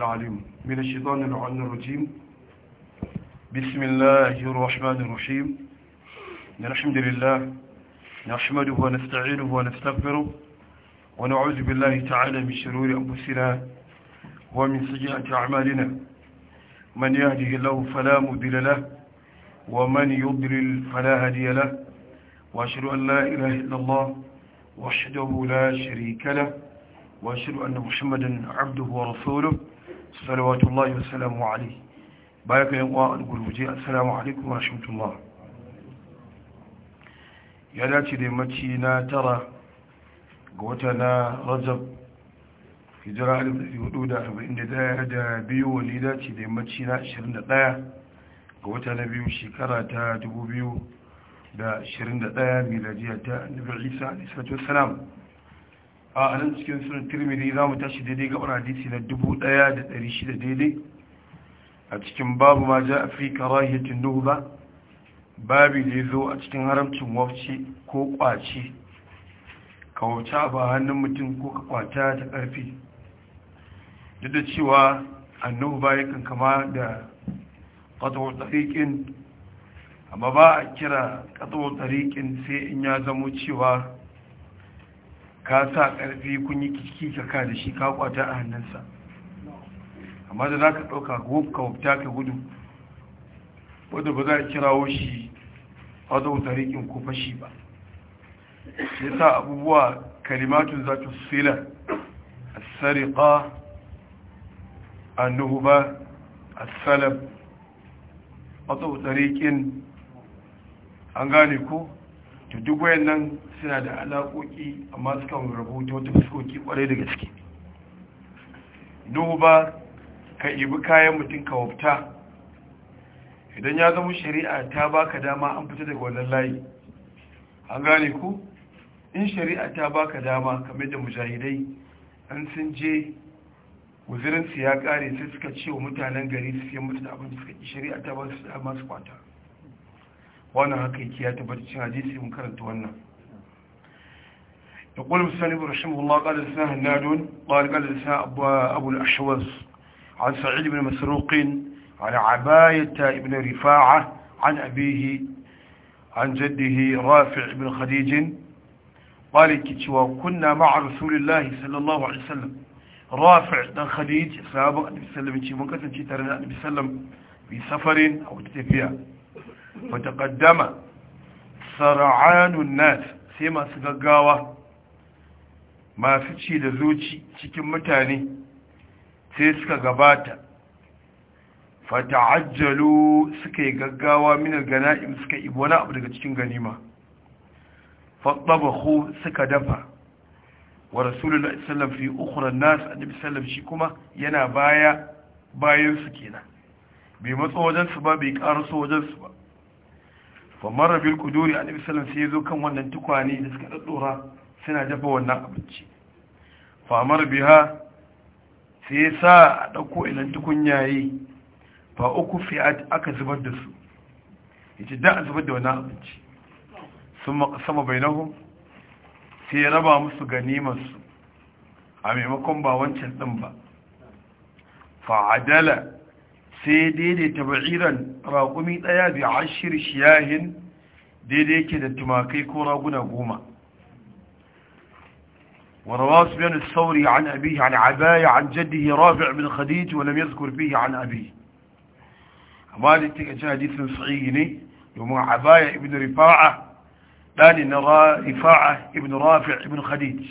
العليم من الشيطان العن الرجيم بسم الله الرحمن الرحيم الحمد لله نحمده ونستعينه ونستغفره ونعوذ بالله تعالى من شرور أنفسنا ومن سيئات أعمالنا من يهده الله فلا مضل له ومن يضلل فلا هادي له وأشهد أن لا إله إلا الله وحده لا شريك له وأشهد أن محمدا عبده ورسوله salawatullahi wa salamu alaihi baya ka yin uwa gurguje assalamu alaikum wa rahmatullah ya dace da yammaci na tara ga wata na rajab hijira 1441 da biyu wani ya dace da yammaci na 21 ga wata na biyu shekara ta 2021 miladiya ta nabi isa alaihi salatu wasalam a nan cikin sunan tirmidhi za mu tashi daidai ga hadisi na dubu ɗaya da ɗari shida daidai a cikin babu ma ja fi karahiyatin nuba babu da ya zo a cikin haramcin wafce ko kwace ka wauta ba hannun mutum ko ka kwata ta karfi duk da cewa annuba yakan kama da ƙasar tsariƙin amma ba a kira ƙasar tsariƙin sai in ya zamo cewa ka sa ƙarfi kun yi kiki ka ka da shi ka kwata a hannunsa amma da za ka ɗauka ka wabta ka gudu wadda ba za a kirawo shi a zauta rikin ko fashi ba ya sa abubuwa kalimatun za ta sila a sariƙa a nuhuba a salam a zauta rikin an gane ko to duk wayannan suna da alaƙoƙi amma suka rabu ta wata fuskoki ƙwarai da gaske duba ka ibi kayan mutum ka wafta idan ya zama shari'a ta baka dama an fita daga wannan layi an gane ku in shari'a ta baka dama kamar da mujahidai an sun je wuzirinsu ya kare sai suka ce wa mutanen gari su yi mutu da abin suka shari'a ta ba su dama su kwata wani haka yake ya tabbata cin hadisi mun karanta wannan da kwallon sani bu rashin bu maka da sana hannadun ba da sana abu abu ashwas an sa'id ibn masarukin على عباية ابن رفاعة عن أبيه عن جده رافع ابن خديج قال كتوا كنا مع رسول الله صلى الله عليه وسلم رافع ابن خديج سابق النبي صلى الله عليه وسلم في سفر أو تتفيا wata kaddama sara'anun nas sai masu gaggawa masu ci da zuci cikin mutane sai suka gabata fata'ajjalu suka yi gaggawa minar gana'im suka yi wani abu daga cikin ganima faɗaɓaho suka dafa wa rasulullah sallam fi ukuran nasu annabi sallam shi kuma yana baya bayansu kenan bai matso wajensu ba bai ƙaraso wajensu ba famar rabin kuduri a nabi wasallam sai ya zo kan wannan tukwane da suka daddora suna dafa wannan abinci famar biha sai sa a ɗauko ilan tukunyaye fa uku fi'at aka zubar da su ya da a zubar da wannan abinci sun makasama bai nahu sai raba musu ganimarsu a maimakon ba wancan ɗin ba Fa fa'adala sai daidaita ba'iran raƙumi ɗaya bi ashir shiyahin daidai ke da tumakai ko raguna goma ورواه سفيان الثوري عن أبيه عن عباية عن جده رافع بن خديج ولم يذكر به عن أبيه أما لتك حديث صحيحني يوم عباية ابن رفاعة لان رفاعة ابن رافع ابن خديج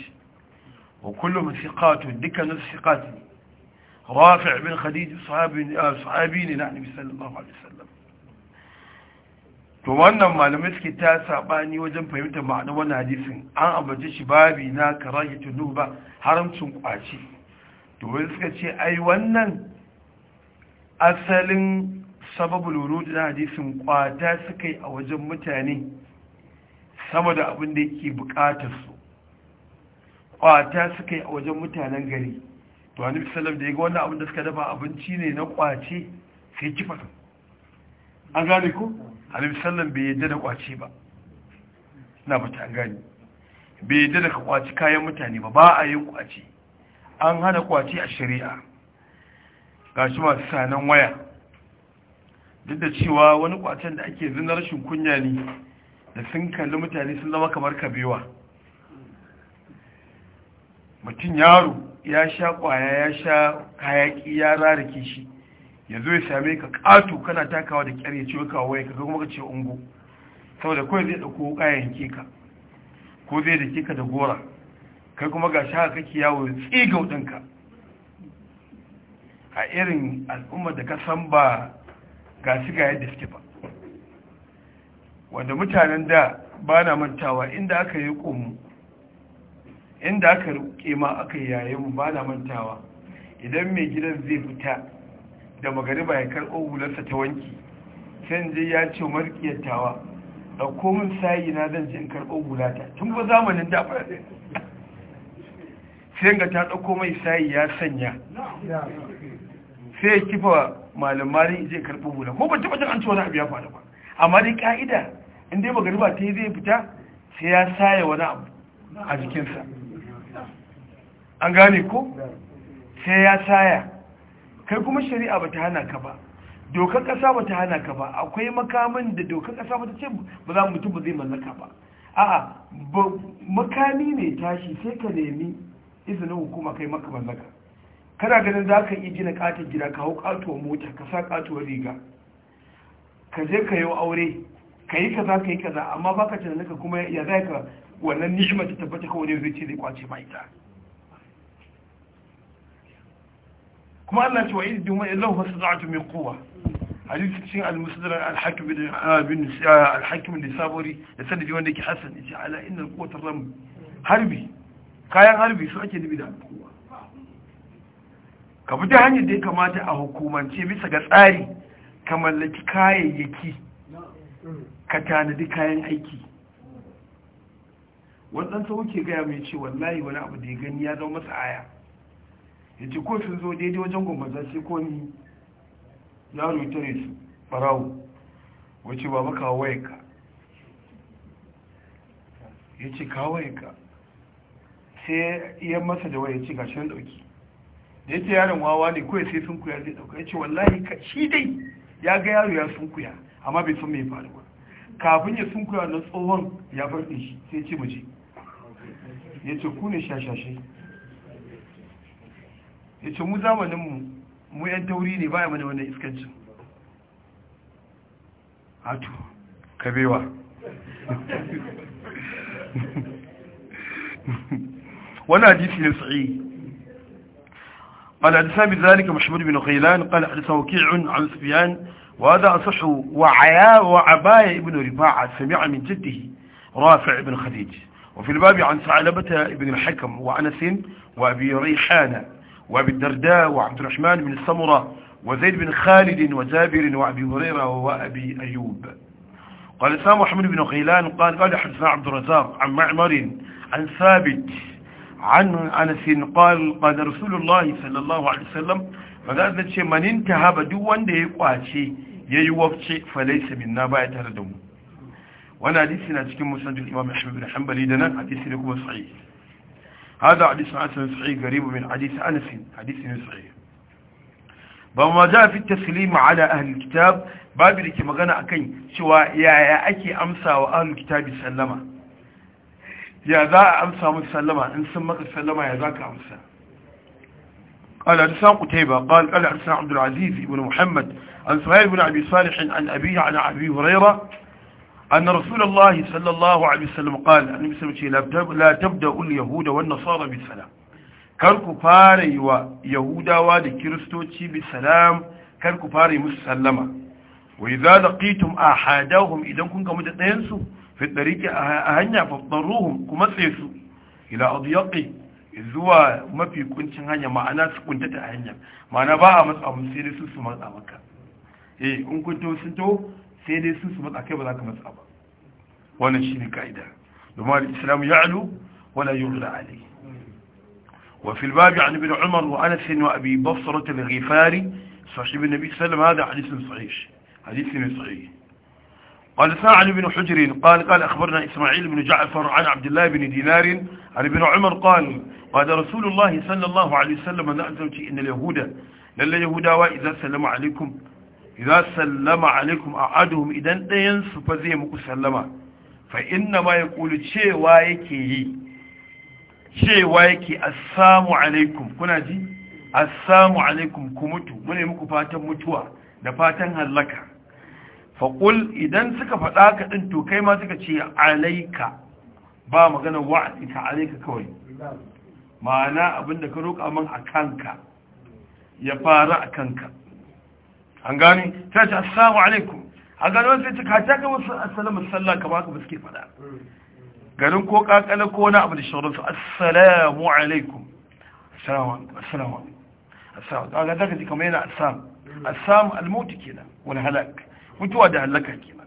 وكلهم ثقات نفس الثقات rafi' bin khadija صحابي ne na annabi sallallahu to wannan malamai suke ta sabani wajen fahimtar ma'anar wannan hadisin an ambace shi babi na karahiyatun nuba haramcin kwaci to wai suka ce ai wannan asalin sababul wurud na hadisin kwata suka yi a wajen mutane sama abin da yake bukatar su kwata suka yi a wajen mutanen gari to annabi sallam da ya ga wannan abin da suka dafa abinci ne na kwace sai kifa an gane ku annabi sallam bai yadda da kwace ba ina ba ta gane bai yadda da ka kayan mutane ba ba a yin kwace an hana kwace a shari'a Ga shi masu sanan waya duk da cewa wani kwacen da ake zina rashin kunya ne da sun kalli mutane sun zama kamar kabewa mutum yaro ya sha kwaya ya sha hayaƙi ya rarrake shi ya zo ya same ka ƙato kana takawa da ƙyar ya ce kawo waya ka kuma ka ce ungo saboda kawai zai ɗauko kayan ke ko zai da ke da gora kai kuma ga sha kake yawo ya tsiga ɗinka a irin al'ummar da ka san ba ga su ga yadda suke ba wanda mutanen da ba na mantawa inda aka yi ƙomu inda aka ruke ma aka yaye mu ba na mantawa idan mai gidan zai fita da magariba ya karɓo hularsa ta wanki sai je ya ce tawa, ɗauko min sayi na zan je in karɓo hulata tun ba zamanin da ba sai ga ta ɗauko mai sayi ya sanya sai ya kifa malamari je karɓo hula ko ba taɓa an ci wani abu ya faru ba amma dai ka'ida in dai magariba ta yi zai fita sai ya saya wani abu a jikinsa an gane ko sai ya saya kai kuma shari'a ba ta hana ka ba dokar kasa ba ta hana ka ba akwai makamin da dokar kasa ba ta ce ba za mutum ba zai mallaka ba a'a makami ne tashi sai ka nemi izinin hukuma kai maka mallaka kana ganin za ka iya gina katin gida ka hau katuwar mota ka sa katuwar riga ka je ka yi aure ka yi kaza ka yi kaza amma baka tunanin ka kuma ya za ka wannan nishima ta tabbata kawai ne zai ce zai kwace ma ita kuma Allah ce wa in duma illahu fasata'tu min quwwa hadisi cikin al-musnad al-hakim bin ah, ah, al-hakim da sabori da sanadi wanda yake hasan yace ala inna quwwata ram harbi kayan harbi su ake nubi da kowa ka fita ta hanyar da ya kamata a hukumance bisa ga tsari ka mallaki kayayyaki ka tanadi kayan aiki wannan sauke gaya mai ce wallahi wani abu da ya gani ya zama masa aya ya ce ko sun zo daidai wajen gwamnati sai ko ni yaro ta ne su farawo wace ba ba kawo ya ce ka sai iya masa da waye ce gashin dauki da ya ce yaron wawa ne kawai sai sun kuya zai dauka ya ce wallahi ka shi dai ya ga yaro ya sun kuya amma bai sun mai ba kafin ya sun kuya na tsohon ya farɗe shi sai ce mace ya ce ku ne sha-shashe ya ce mu zamaninmu mu yan tauri ne baya mana wannan iskancin hatu kabewa wani hadisi ne sa'i قال حدثنا بذلك محمد بن خيلان قال حدثنا وكيع عن سفيان وهذا أصح وعيا وعباية ابن رفاعة سمع من جده رافع بن خديج وفي الباب عن ثعلبة بن الحكم وأنس وأبي ريحانة وابي الدرداء وعبد الرحمن بن السمرة وزيد بن خالد وجابر وابي هريرة وابي ايوب قال سام محمد بن غيلان قال قال حدثنا عبد الرزاق عن معمر عن ثابت عن انس قال قال رسول الله صلى الله عليه وسلم فذا شيء من انتهى بدو وند قاشي yayi wafce فليس منا baya tare da mu wannan hadisi na cikin musnadul imam ahmad bin hanbali da هذا حديث حسن صحيح قريب من حديث أنس حديث صحيح بما جاء في التسليم على أهل الكتاب باب لك مغانا أكي شوى يا يا أكي أمسى وأهل الكتاب سلمة يا ذا أمسى مسلمة إن سمك سلمة يا ذاك أمسى قال حدثنا قتيبة قال قال حدثنا عبد العزيز بن محمد عن سهيل بن أبي صالح عن أبيه عن أبي هريرة أن رسول الله صلى الله عليه وسلم قال النبي صلى الله عليه وسلم لا تبدأ اليهود والنصارى بالسلام كركو فاري ويهودا وكريستوتي بالسلام كركو فاري مسلمة وإذا لقيتم أحدهم إذا كنتم متتنسوا في الطريق أهنيا فاضطروهم كما سيسوا إلى أضيقه zuwa mafi kuncin hanya ma'ana su kuntata hanya ma'ana ba a matsa musiri su su matsa maka eh in kun to sun to sai dai sun su matsa kai ba za ka matsa ba wannan shine kaida domin al-islam ya'lu wala yughla alayhi وفي الباب عن ابن عمر وأنس وأبي بصرة الغفاري صاحب النبي صلى الله عليه وسلم هذا حديث صحيح حديث صحيح قال سعد بن حجر قال قال أخبرنا إسماعيل بن جعفر عن عبد الله بن دينار عن ابن عمر قال قال رسول الله صلى الله عليه وسلم نأتوتي إن اليهود للا يهودا وإذا سلم عليكم idza sallama alaikum ahaduhum idan ɗayan su fa zai muku sallama fa inna ma yaqulu cewa yake yi cewa yake assalamu alaikum kuna ji assalamu alaikum ku mutu mune muku fatan mutuwa da fatan halaka fa qul idan suka faɗa ka din to kai ma suka ce alaika ba magana ka alaika kawai ma'ana abinda ka roƙa man akanka ya fara kanka. an gane ta ce assalamu alaikum a gane wani sai ta kata ga wasu assalamu sallah kama haka ba suke faɗa garin ko kakala ko wani abu da shirin su assalamu alaikum assalamu alaikum assalamu alaikum ga ji kamar yana assam assam almuti kenan wani halak mutuwa da halaka kenan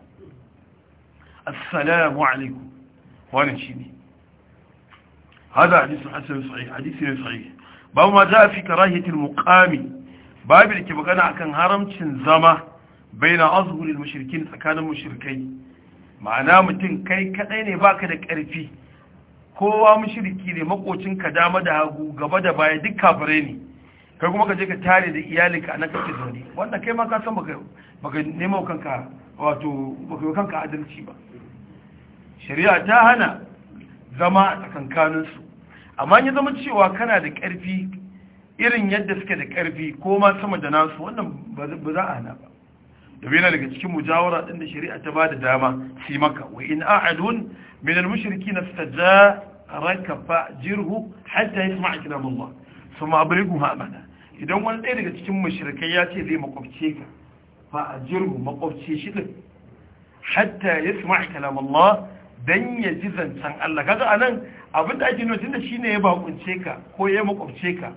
assalamu alaikum wannan shine هذا حديث حسن صحيح حديث صحيح باب ما جاء في كراهية المقام babu da ke magana akan haramcin zama bai baina azhuril mushrikin tsakanin mushrikai ma'ana mutum kai kadai ne baka da karfi kowa mushriki ne makocin ka dama da hagu gaba da baya duk kafire ne kai kuma ka je ka tare da iyalinka a nan kake zaune wannan kai ma ka san baka baka nemo kanka wato baka kanka adalci ba shari'a ta hana zama a tsakankanin su amma ya zama cewa kana da karfi irin yadda suke da ƙarfi ko ma sama da nasu wannan ba za a ba domin yana daga cikin mujawara ɗin da shari'a ta ba da dama si maka wa in a'adun min al-mushriki na stajaraka fa jirhu hatta yasma'a kalamullah kuma abrigu ma amana idan wani ɗaya daga cikin mushrikai ya ce zai makwabce ka fa jirhu makwabce shi din hatta yasma'a kalamullah dan ya ji zancen Allah kaga anan abin da ake nuna tunda shine ya bakunce ka ko ya makwabce ka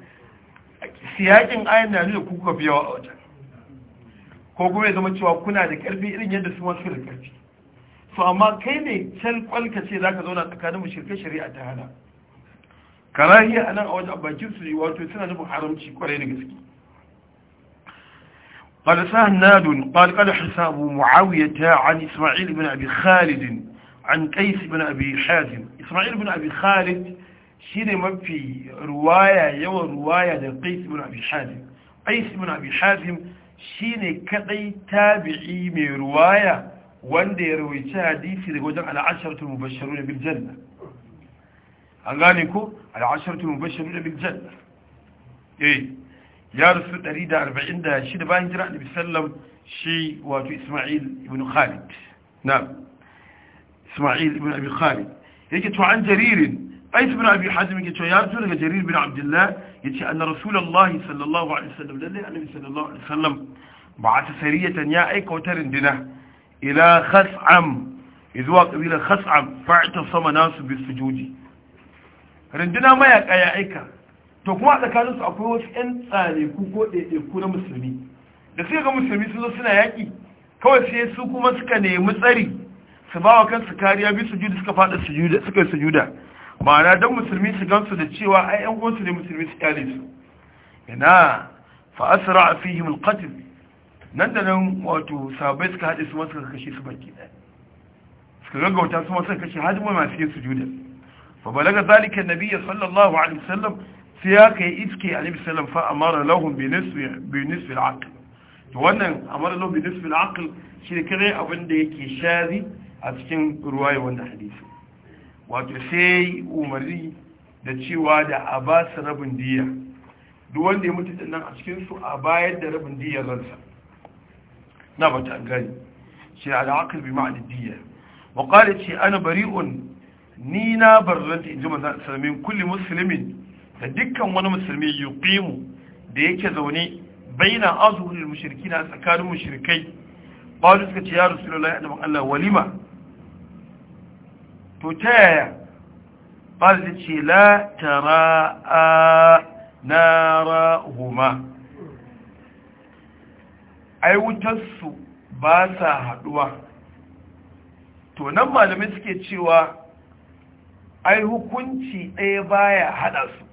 siyakin ayan na nuna kuka biya wa a wajen ko kuma ya zama cewa kuna da karfi irin yadda su wasu da karfi to amma kai ne can kwalka ce za ka zauna tsakanin shirke shari'a ta hana karahiya a nan a wajen bakin su wato suna nufin haramci kwarai da gaske قال سهناد قال قال حساب معاوية عن إسماعيل بن أبي خالد عن كيس بن أبي حازم إسماعيل بن أبي خالد shine mafi ruwaya yawan ruwaya da qais ibn abi hatim qais ibn abi hatim shine kadai tabi'i mai ruwaya wanda ya rawaici hadisi daga wajen al'asharatul mubashshirun bil janna an gane ko al'asharatul mubashshirun bil janna eh ya rusu 146 bayan jira annabi sallam shi wato Isma'il ibn Khalid na'am Isma'il ibn Abi Khalid yake to an jaririn qais ibn abi hazim yake cewa ya zo daga jarir bin abdullah yace anna rasulullah sallallahu alaihi wasallam lalle annabi sallallahu alaihi wasallam ba'atha sariyatan ya aika wata rindina ila khas'am izuwa kabilar khas'am fa'ita sama nasu bi sujuji rindina mayaka ya aika to kuma a su akwai wasu ƴan tsare ku ko ɗaiɗaiku na musulmi da suka ga musulmi sun zo suna yaƙi kawai sai su kuma suka nemi tsari su ba wa kansu kariya bi sujuda suka faɗa sujuda suka sujuda ma'ana don musulmi su gamsu da cewa ai yan gonsu ne musulmi su kyale su ina fa'asara a a fihim alqatl nan da nan wato sabai suka haɗe su masu kashe su baki ɗaya suka gaggauta su masu kashe hajji mai masu yin sujuda fa balaga zalika nabiyya sallallahu alaihi wasallam sai ya kai iske alaihi wasallam fa amara lahum bi nisfi bi to wannan amara lahum bi nisfi alaql shi ne kare abin da yake shari a cikin ruwaya wannan hadisi wato sai umarni da cewa da a ba su rabin diya duk wanda ya mutu nan a cikin su a bayar da rabin diya ransa na ba ta gani sai al'aqil bi ma'ana diya wa ce ana bari'un ni na barranta inji manzon sallallahu kulli muslimin da dukkan wani musulmi yuqimu da yake zaune baina azhuril na tsakanin mushrikai qalu suka ce ya rasulullahi annabi Allah walima to ta yaya ƙalta ce la tara a nara huma ba sa haɗuwa to nan malamai suke cewa ai hukunci ɗaya baya haɗa su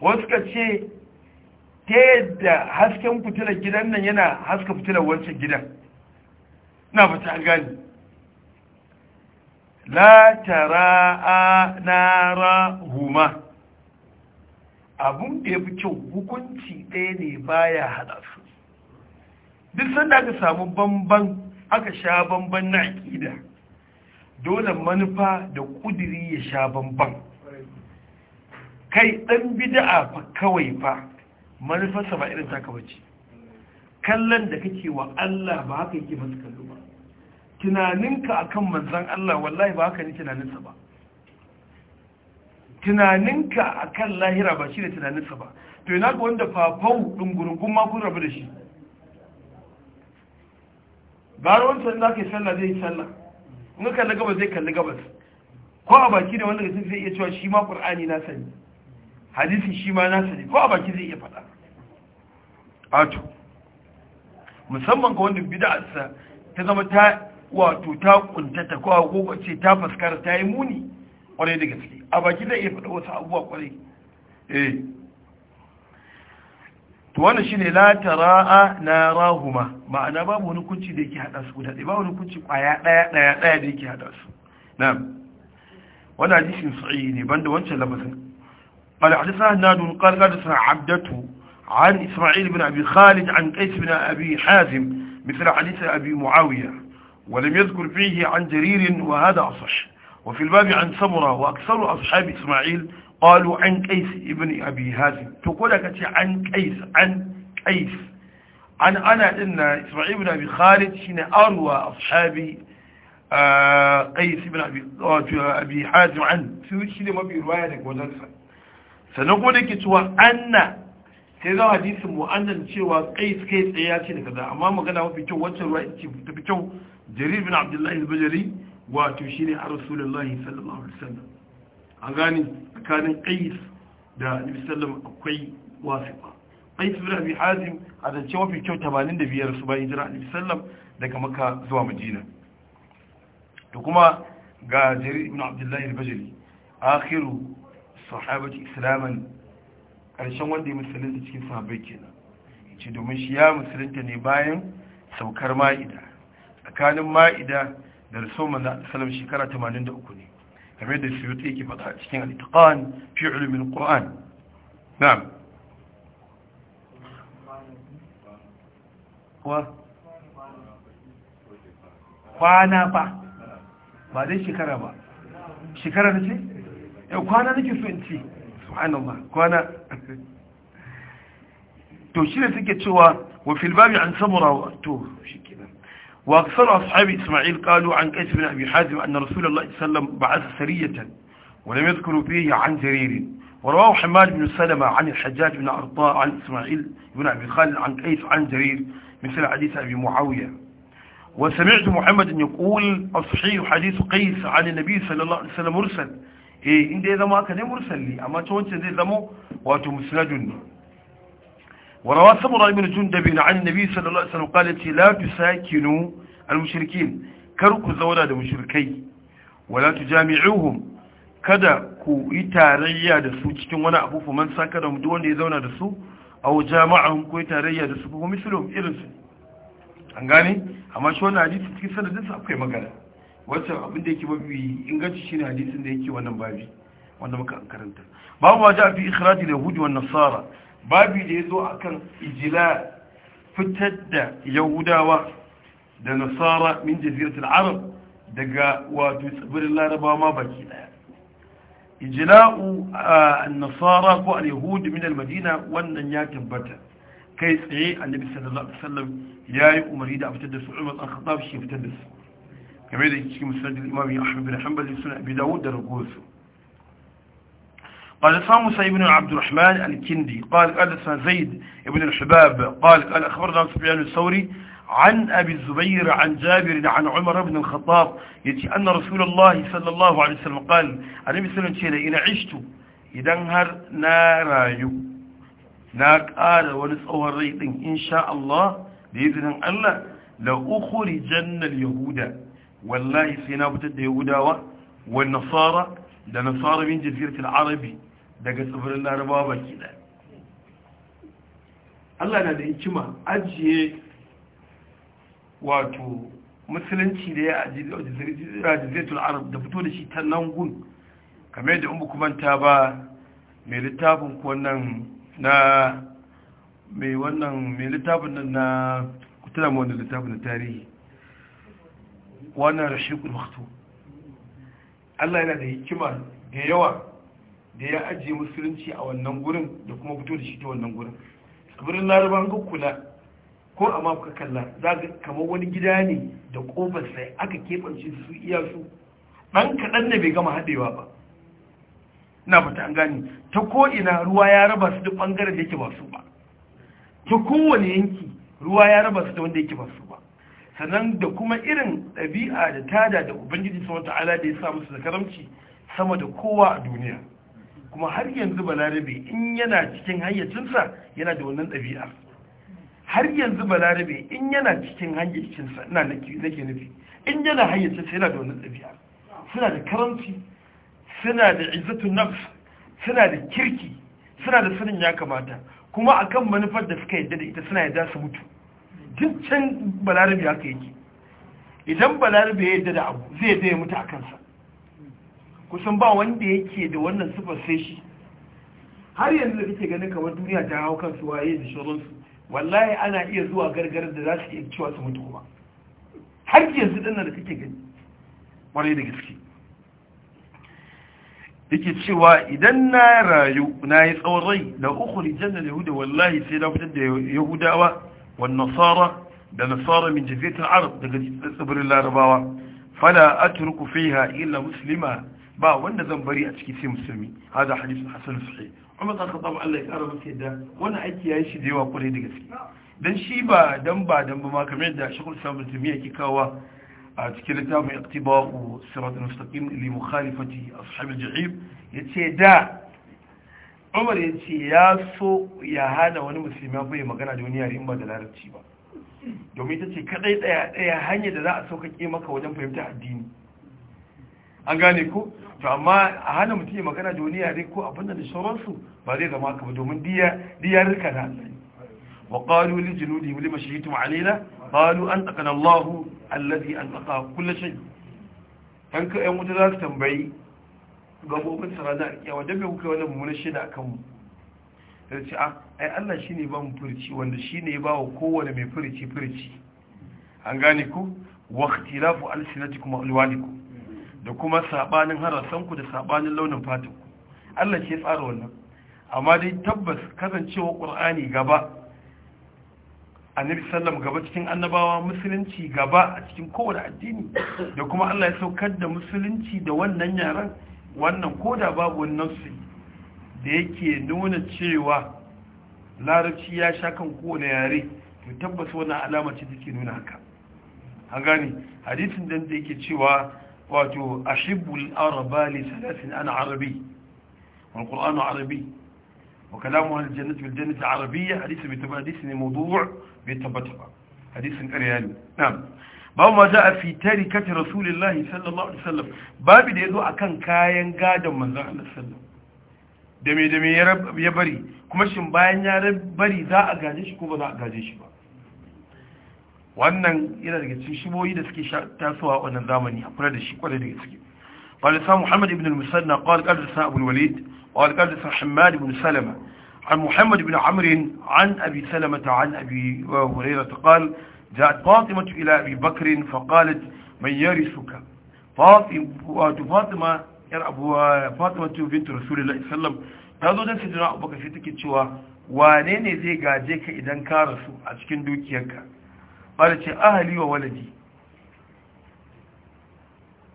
wasu ka ce ta yadda hasken fitilar gidan nan yana haska fitilar wancan gidan na ta gani la tara'a narahuma abun da ya fi kyau hukunci ɗaya ne baya haɗa su duk sanda aka samu bamban aka sha bamban na aƙida dole manufa da ƙudiri ya sha bamban kai ɗan bida'a fa kawai fa manufarsa ba irin taka bace kallon da kake wa Allah ba haka yake masu kallon ba tunaninka akan manzan Allah wallahi ba haka ni tunaninsa ba tunaninka akan lahira ba shi ne tunaninsa ba to yana ga wanda fafau ɗungurungun makon rabu da shi gara wancan za ka yi sallah zai yi sallah in ka kalli gabas zai kalli gabas ko a baki da wanda gasin zai iya cewa shi ma ƙur'ani na sani hadisi shi ma na sani ko a baki zai iya faɗa ato musamman ga wanda bida'arsa ta zama ta wato ta kuntata ko agogo ce ta fuskara ta yi muni kwarai da gaske a baki zai iya faɗa wasu abubuwa kwarai eh to wannan shine la tara'a na rahuma ma'ana babu wani kunci da yake hada su guda ɗaya babu wani kunci kwaya ɗaya ɗaya daya da yake hada su na'am wannan hadisin sahihi ne banda wancan labasin قال حدثنا هناد قال حدثنا عبدته عن إسماعيل بن أبي خالد عن قيس بن أبي حازم مثل حديث أبي معاوية ولم يذكر فيه عن جرير وهذا أصح وفي الباب عن سمرة وأكثر أصحاب إسماعيل قالوا عن كيس ابن أبي هازم تقول لك عن كيس عن كيس عن أنا إن إسماعيل بن أبي خالد حين أروى أصحاب آه، قيس بن أبي, آه، أبي حازم عن سيوشي ما برواية لك وزنسا سنقول لك أن هذا حديث hadisin أن cewa kai kai tsaye ya ce da kaza amma magana jarir bin abdullahi al-bajali wato shine a rasulullahi sallallahu alaihi wasallam an gani tsakanin qais da nabi sallallahu akwai wasifa qais bin abi hazim a da cewa fi kyau 85 su bayan jira nabi sallallahu daga makka zuwa madina da kuma ga jarir bin abdullahi al-bajali akhiru sahabati islaman karshen wanda ya musulunta cikin sahabbai kenan ce domin shi ya musulunta ne bayan saukar ma'ida tsakanin ma'ida da rasul manzo sallam shekara 83 ne kamar da suyuti yake faɗa a cikin al-itqan fi ulumil qur'an na'am kwana ba ba dai shekara ba shekara da ce? yau kwana nake so in ce subhanallah kwana to shi ne suke cewa wa filbami an samura to shi وأكثر أصحاب إسماعيل قالوا عن قيس بن أبي حازم أن رسول الله صلى الله عليه وسلم بعث سرية ولم يذكروا فيه عن جرير ورواه حماد بن سلمة عن الحجاج بن أرطاء عن إسماعيل بن أبي خالد عن قيس عن جرير مثل حديث أبي معاوية وسمعت محمد يقول أصحيح حديث قيس عن النبي صلى الله عليه وسلم مرسل إيه إن دي ما كان مرسل لي أما تونت دي ما واتو مسند وروى سمرة بن جندب عن النبي صلى الله عليه وسلم قال لا تساكنوا المشركين كركوا زولا المشركين ولا تجامعوهم kada ku yi tarayya da su cikin wani abu fuman saka da duk wanda ya zauna da su aw jama'ahum ku yi tarayya da su ko kuma irin su an gane amma shi wannan hadisi cikin sanadin sa akwai magana wacce abin da yake mafi inganci shine hadisin da yake wannan babi wanda muka karanta babu waje fi ikhraj al-yahud wa nasara babi da ya zo a kan ijila fitar da yahudawa da nasara min jaziratul arab daga wato tsibirin larabawa ma baki daya ijila'u nasara ko al-yahud min al-madina wannan ya tabbata kai tsaye annabi sallallahu alaihi wasallam yayi umari da fitar da su Umar Khattab shi fitar da su kamar da cikin musnad imam Ahmad bin Hanbal sunan Abi da Rukusu قال حدثنا موسى بن عبد الرحمن الكندي قال قال زيد بن الحباب قال قال أخبرنا سفيان الثوري عن أبي الزبير عن جابر عن عمر بن الخطاب يتي أن رسول الله صلى الله عليه وسلم قال أنا مثل الله إن عشت إذا هر نارايو ناك آل ونسأوها الرئيطين إن شاء الله بإذن الله لو أخرجن اليهود والله سينابت اليهود والنصارى لنصارى من جزيرة العربي daga tsibirin larabawa baki ɗaya allah na da hikima ajiye wato musulunci da ya ajiye arab da fito da shi ta nan gun kamar yadda umu kumanta ba mai littafin wannan na mai wannan mai littafin nan na kutura wani littafin na tarihi wannan rashin kudu allah yana da hikima da yawa da ya ajiye musulunci a wannan gurin da kuma fito da shi ta wannan gurin tsibirin laraba an kula ko a ma kuka kalla za ga kamar wani gida ne da kofar sai aka keɓance su iya su ɗan kaɗan da bai gama haɗewa ba na fata an gani ta ko'ina ruwa ya raba su duk ɓangaren da yake ba su ba ta kowane yanki ruwa ya raba su da wanda yake ba su ba sannan da kuma irin ɗabi'a da tada da ubangiji sama ta'ala da ya sa musu da karamci sama da kowa a duniya kuma har yanzu balarabe in yana cikin hayyacinsa yana da wannan ɗabi'a har yanzu balarabe in yana cikin hayyacinsa ina nake nufi in yana hayyacinsa yana da wannan ɗabi'a suna da karanci suna da izzatun nafs suna da kirki suna da sanin ya kamata kuma akan manufar da suka yadda da ita suna yadda su mutu Duk can balarabe haka yake idan balarabe ya yadda da abu zai yadda ya mutu a kansa kusan ba wanda yake da wannan sifar sai shi har yanzu da kake ganin kamar duniya ta hau kansu waye da shirinsu wallahi ana iya zuwa gargarar da za su iya cewa su mutu kuma har yanzu dinnan da kake gani ƙwarai da gaske yake cewa idan na rayu na yi tsawon rai na ukuri jannar yahuda wallahi sai na fitar da yahudawa wa nasara da nasara min jazetar arab daga tsibirin larabawa fala atruku fiha illa muslima ba wanda zan bari a ciki sai musulmi hada hadisin hasan sahi Umar bin Khattab Allah ya kara masa yadda wannan aiki yayi shi da yawa kwarai da gaske dan shi ba dan ba dan ba ma kamar yadda Sheikhul Islam kawa a cikin littafin Iqtiba'u Sirat al-Mustaqim li mukhalifati ashab al yace da Umar yace ya so ya hana wani musulmi ya ya magana da wani yare in ba da larabci ba domin ita ce kadai daya daya hanyar da za a sauƙaƙe maka wajen fahimtar addini an gane ku to amma a hana mutum ya magana duniya wani ko abin da sauransu ba zai zama haka ba domin diyarurka na Allah wa qalu lil junudi lima shahitum alaina qalu an taqana Allah alladhi an taqa kull shay an ka yan wuta za tambayi gabobin sarana yawa dabe kuka wani mummunan shida akan mu sai ce ah ai Allah shine ba mu furci wanda shine ya bawa kowane mai furci furci an gane ku wa ikhtilafu alsinatikum wa alwanikum da kuma sabanin harasanku da sabanin launin fatinku Allah ce tsara wannan amma dai tabbas kasancewa ƙur'ani gaba annabi sallam gaba cikin annabawa musulunci gaba a cikin kowane addini da kuma Allah ya saukar da musulunci da wannan yaran wannan koda babu wannan su da yake nuna cewa larabci ya sha kan kowane yare to tabbas wannan alama ce take nuna haka an gane hadisin da yake cewa wato ashibbul araba li salasin ana arabi wal qur'anu arabi wa kalamu al jannati bil bai taba hadith bi tabadis ni taba taba tabataba hadith ne na'am babu ma a fi tarikati rasulillah sallallahu alaihi wasallam babu da yazo akan kayan gadon manzon Allah sallam da me da me ya bari kuma shin bayan ya bari za a gaje shi ko ba za a gaje shi ba wannan yana daga cikin shiboyi da suke tasowa a wannan zamani a kula da shi kwarai daga ciki قال لسان محمد بن المسنى قال قال لسان أبو الوليد قال قال لسان حماد بن سلمة عن محمد بن عمرو عن أبي سلمة عن أبي هريرة قال جاءت فاطمة إلى أبي بكر فقالت من يرثك فاطمة فاطمة فاطمة بنت رسول الله صلى الله عليه وسلم تازو دان سيدنا أبو بكر سيتك تشوا وانين زي غاجيك إذا كارسو أشكين دوكيك ƙwada ce ahali wa waladi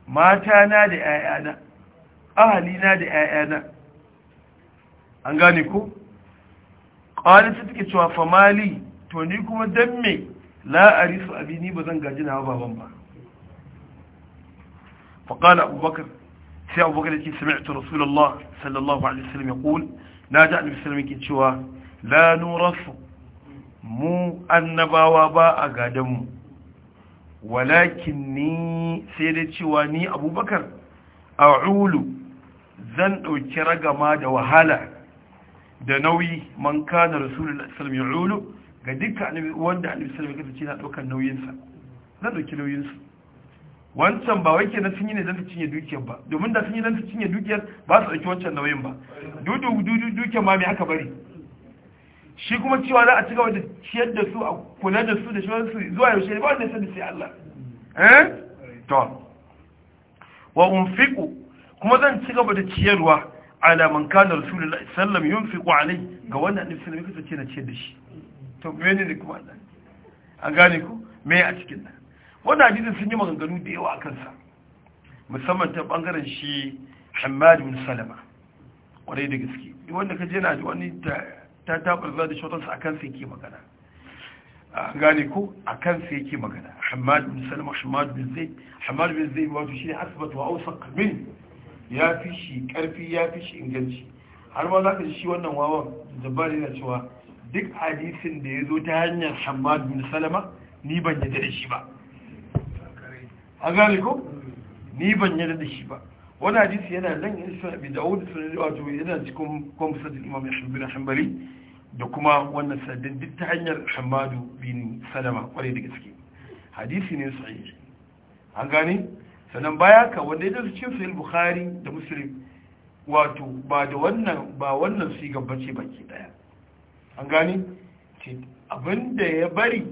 mata na da ‘ya'yana ahali na da ‘ya'yana an gane ku? ƙwada ta take cewa famali to ni kuma don me la'ari su abi ni ba zan gaji na baban ba faƙala abubakar sai abubakar da ke sami'atu rasulallah sallallahu alaihi wasallam ya ƙul na ji annabi sallallahu alaihi wasallam ke cewa mu annabawa ba a gadonmu walakin ni sai da cewa ni abubakar a ulu zan ɗauki ragama da wahala da nauyi man kana rasulullah salmi ulu ga dukkan wanda annabi salmi kasa ce na ɗaukar nauyinsa zan ɗauki nauyinsa wancan ba wai kenan sun yi ne zan su cinye dukiyar ba domin da sun yi zan su cinye dukiyar ba su ɗauki wancan nauyin ba dukiyar ma mai aka bari shi kuma cewa za a ci gaba da ciyar da su a kula da su da shi su zuwa yaushe ba wanda sani sai Allah eh to wa unfiqu kuma zan ci gaba da ciyarwa ala man kana rasulullahi sallallahu alaihi wasallam yunfiqu alai ga wannan annabi sallallahu alaihi wasallam kace na ciyar da shi to menene ne kuma Allah a gane ku me a cikin nan wannan hadisin sun yi maganganu da yawa akan sa musamman ta bangaren shi Hammad bin Salama kwarai da gaske wanda ka je na ji wani ta taɓarza da shotansa a kansa yake magana gane ko a kansa yake magana hamadu bin salama hamadu bin zai hamadu bin zai wato shi ne asibatu a wasan kamin ya fi shi ƙarfi ya fi shi inganci har ma za ka shi wannan wawan zabari na cewa duk hadisin da ya zo ta hanyar hamadu bin salama ni ban yadda da shi ba a gane ko ni ban yadda da shi ba wani hadisi yana nan yin suna bi da wani suna wato yana cikin kwamfusa da imam ya shirbi na da kuma wannan sanadin duk ta hanyar hamadu bin salama kwarai da gaske hadisi ne sahih an gane sannan baya ka wanda ya cikin sahih bukhari da muslim wato ba da wannan ba wannan yi gabace baki daya an gane abinda ya bari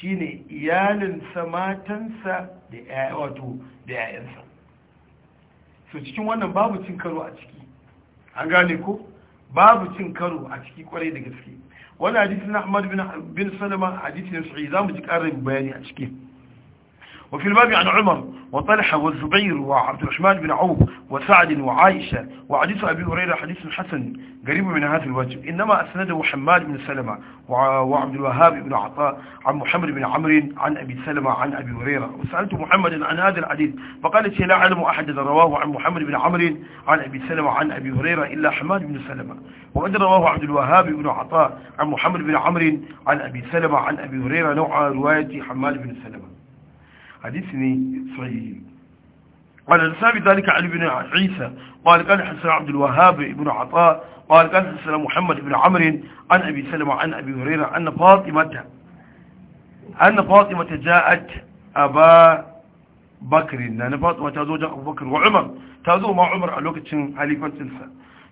shine iyalinsa matansa da wato da yayansa so cikin wannan babu cin karo a ciki an gane ko babu cin karo a ciki kwarai da gaske wani hadisi na ahmad bin salama hadisi na sa'i za mu ji karin bayani a ciki وفي الباب عن عمر وطلحة والزبير وعبد الرحمن بن عوف وسعد وعائشة وحديث أبي هريرة حديث حسن قريب من هذا الوجه إنما أسنده حماد بن سلمة وعبد الوهاب بن عطاء عن محمد بن عمرو عن أبي سلمة عن أبي هريرة وسألت محمدا عن هذا الحديث فقالت لا أعلم أحدا رواه عن محمد بن عمرو عن أبي سلمة عن أبي هريرة إلا حماد بن سلمة وقد رواه عبد الوهاب بن عطاء عن محمد بن عمرو عن أبي سلمة عن أبي هريرة نوع رواية حماد بن سلمة حديث ني صحيح قال السابق ذلك علي بن عيسى قال كان حسن عبد الوهاب بن عطاء قال كان حسن محمد بن عمر عن أبي سلم عن أبي هريرة أن فاطمة أن فاطمة جاءت أبا بكر أن فاطمة تزوج أبو بكر وعمر تزوج مع عمر على وقت خليفة تنسى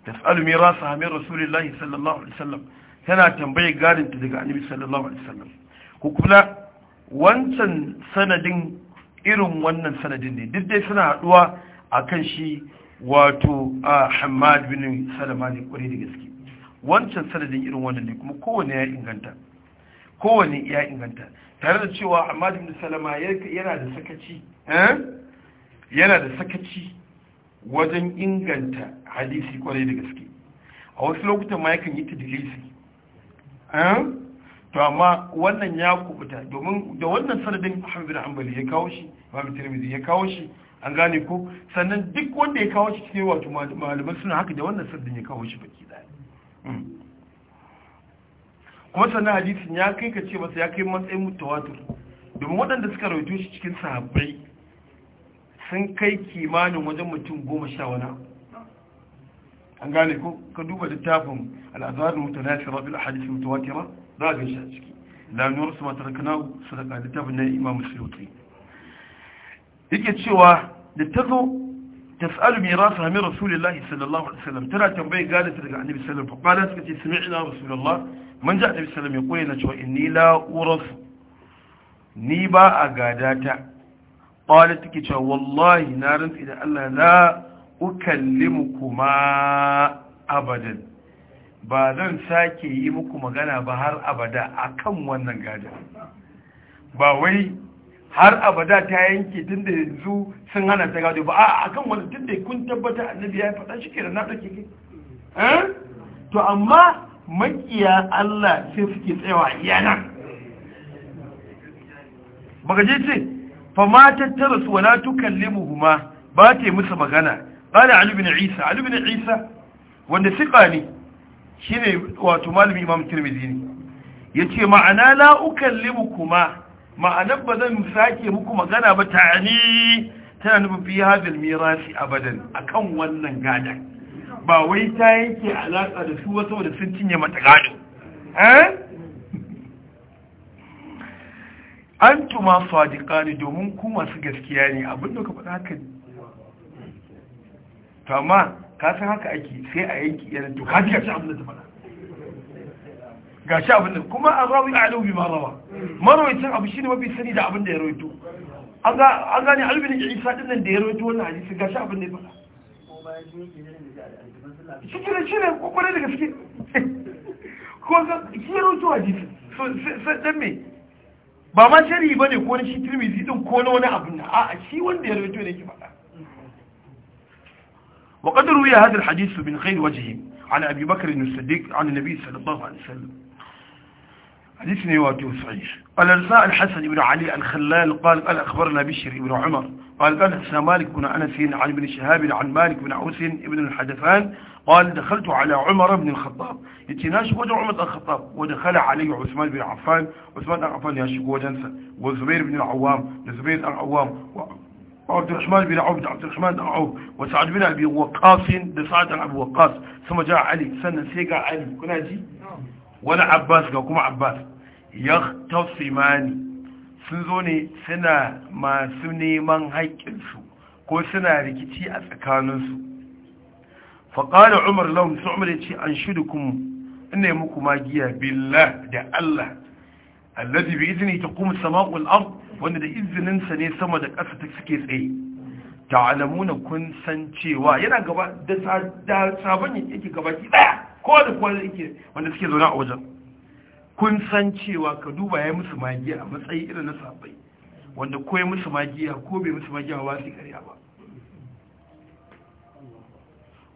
تسأل ميراثها من رسول الله صلى الله عليه وسلم تنبيه قال gadinta daga النبي صلى الله عليه وسلم kula wancan sanadin irin wannan sanadin ne duk dai suna haduwa kan shi wato a hamad bin salama ne kwarai da gaske wancan sanadin irin wannan ne kuma kowane ya inganta kowane ya inganta tare da cewa hamad bin salama yana da sakaci eh? yana da sakaci wajen inganta hadisi kwarai da gaske a wasu lokutan ma yakan yi ta dalisi eh? to amma wannan ya kubuta domin da wannan sanadin Ahmad bin Hanbali ya kawo shi Imam Tirmidhi ya kawo shi an gane ko sannan duk wanda ya kawo shi cikin wato malaman suna haka da wannan sanadin ya kawo shi baki da hmm. kuma sannan hadisin ya kai ka ce masa ya kai matsayin mutawatir domin waɗanda suka rawaito shi cikin sahabbai sun kai kimanin wajen mutum goma sha wani an gane ko ka duba littafin al'azharin mutanasir rabil hadisi mutawatira za a gan shi a ciki lamuwar su matar kanau sadaka littafin na imam suyuti yake cewa da ta zo tas'alu mirasu hamin rasulullahi sallallahu alaihi wasallam tana tambaye gadata daga annabi sallallahu alaihi wasallam suka ce sami'na rasulullah man ja annabi sallallahu alaihi wasallam ya koyi cewa inni la urasu ni ba a gadata ta take cewa wallahi na rantsi da Allah la kuma abadan ba zan sake yi muku magana ba har abada akan wannan gada ba wai har abada ta yanke tun da yanzu sun hana ta gado ba a akan wani tun da kun tabbata annabi ya yi faɗa shi ke na ɗauke ke eh? to amma makiya Allah sai suke tsayawa yana baka ce fa ma tattara su wala huma ba ta yi musu magana qala ali ibn isa alubin isa wanda suka ne shine wato malami imam tirmidhi ne yace ma'ana la'ukan la kuma ma'anar ba zan sake muku magana ba ta'ani tana nufin fi hadal mirasi abadan akan wannan gada ba wai ta yanke alaka da su wasu da sun cinye mata gado eh? an tuma sadiqa ne domin ku masu gaskiya ne abin da ka faɗa to amma ka san haka ake sai a yanki yana to ka ji abin da ta faɗa ga shi abin da kuma a rawi a alubi ma rawa marwaicin abu shi ne mafi sani da abin da ya rawaito an gane albin isa din nan da ya rawaito wannan hadisi ga shi abin da ya faɗa shi ne shi ne kwakwale da gaske ko ga shi ya rawaito hadisi dan me ba ma shari'i ba ne ko wani shi tirmizi din ko na wani abin da a'a shi wanda ya rawaito ne ke fada وقد روي هذا الحديث من خير وجهه عن أبي بكر الصديق عن النبي صلى الله عليه وسلم حديث وصعيش قال رساء الحسن بن علي الخلال قال قال أخبرنا بشر بن عمر قال قال حسن مالك بن أنس عن ابن شهاب عن مالك بن عوس بن الحدفان قال دخلت على عمر بن الخطاب يتناش وجه عمر بن الخطاب ودخل علي عثمان بن عفان عثمان بن عفان ياشق وجنسه وزبير بن العوام زبير العوام عبد الرحمن بن عوف عبد الرحمن بن عوف وسعد بن أبي وقاص لسعد بن أبي وقاص ثم جاء علي سنة سيقى علي كنا جي ولا عباس كما عباس يختصمان sun zo ne suna masu neman haƙƙinsu ko suna rikici a tsakaninsu faƙaɗa umar laun su umar ce an shi dukun ina muku magiya billah da allah allazi bi izini ta kuma sama'ul ard wanda da izininsa ne sama da ƙasa ta suke tsaye alamuna kun san cewa yana gaba da sabon yake gaba ki ɗaya, ko da kowa yake wanda suke zaune a wajen kun san cewa ka duba ya musu magiya a matsayi irin na sabai wanda ko ya musu magiya ko bai musu magiya ba su karya ba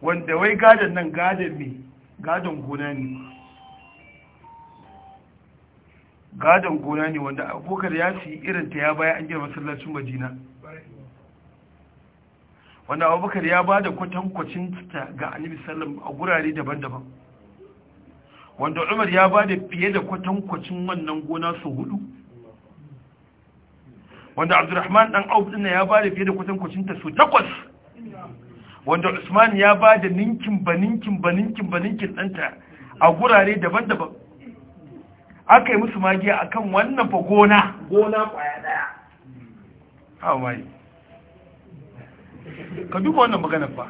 wanda wai gadon nan gadon ne, gadon gona ne gadon gona ne wanda abokar ya fi ta ya baya an gina masallacin madina wanda abubakar ya ba da kwatankwacin ta ga annabi sallam a gurare daban-daban wanda umar ya ba da fiye da kwatankwacin wannan gona su hudu wanda abdurrahman dan auf din ya ba da fiye da kwatankwacin ta su takwas wanda usman ya ba da ninkin ba ninkin ba ninkin ba ninkin danta a gurare daban-daban aka yi musu magiya akan wannan fa gona gona kwaya daya hawa mai ka duka wannan magana fa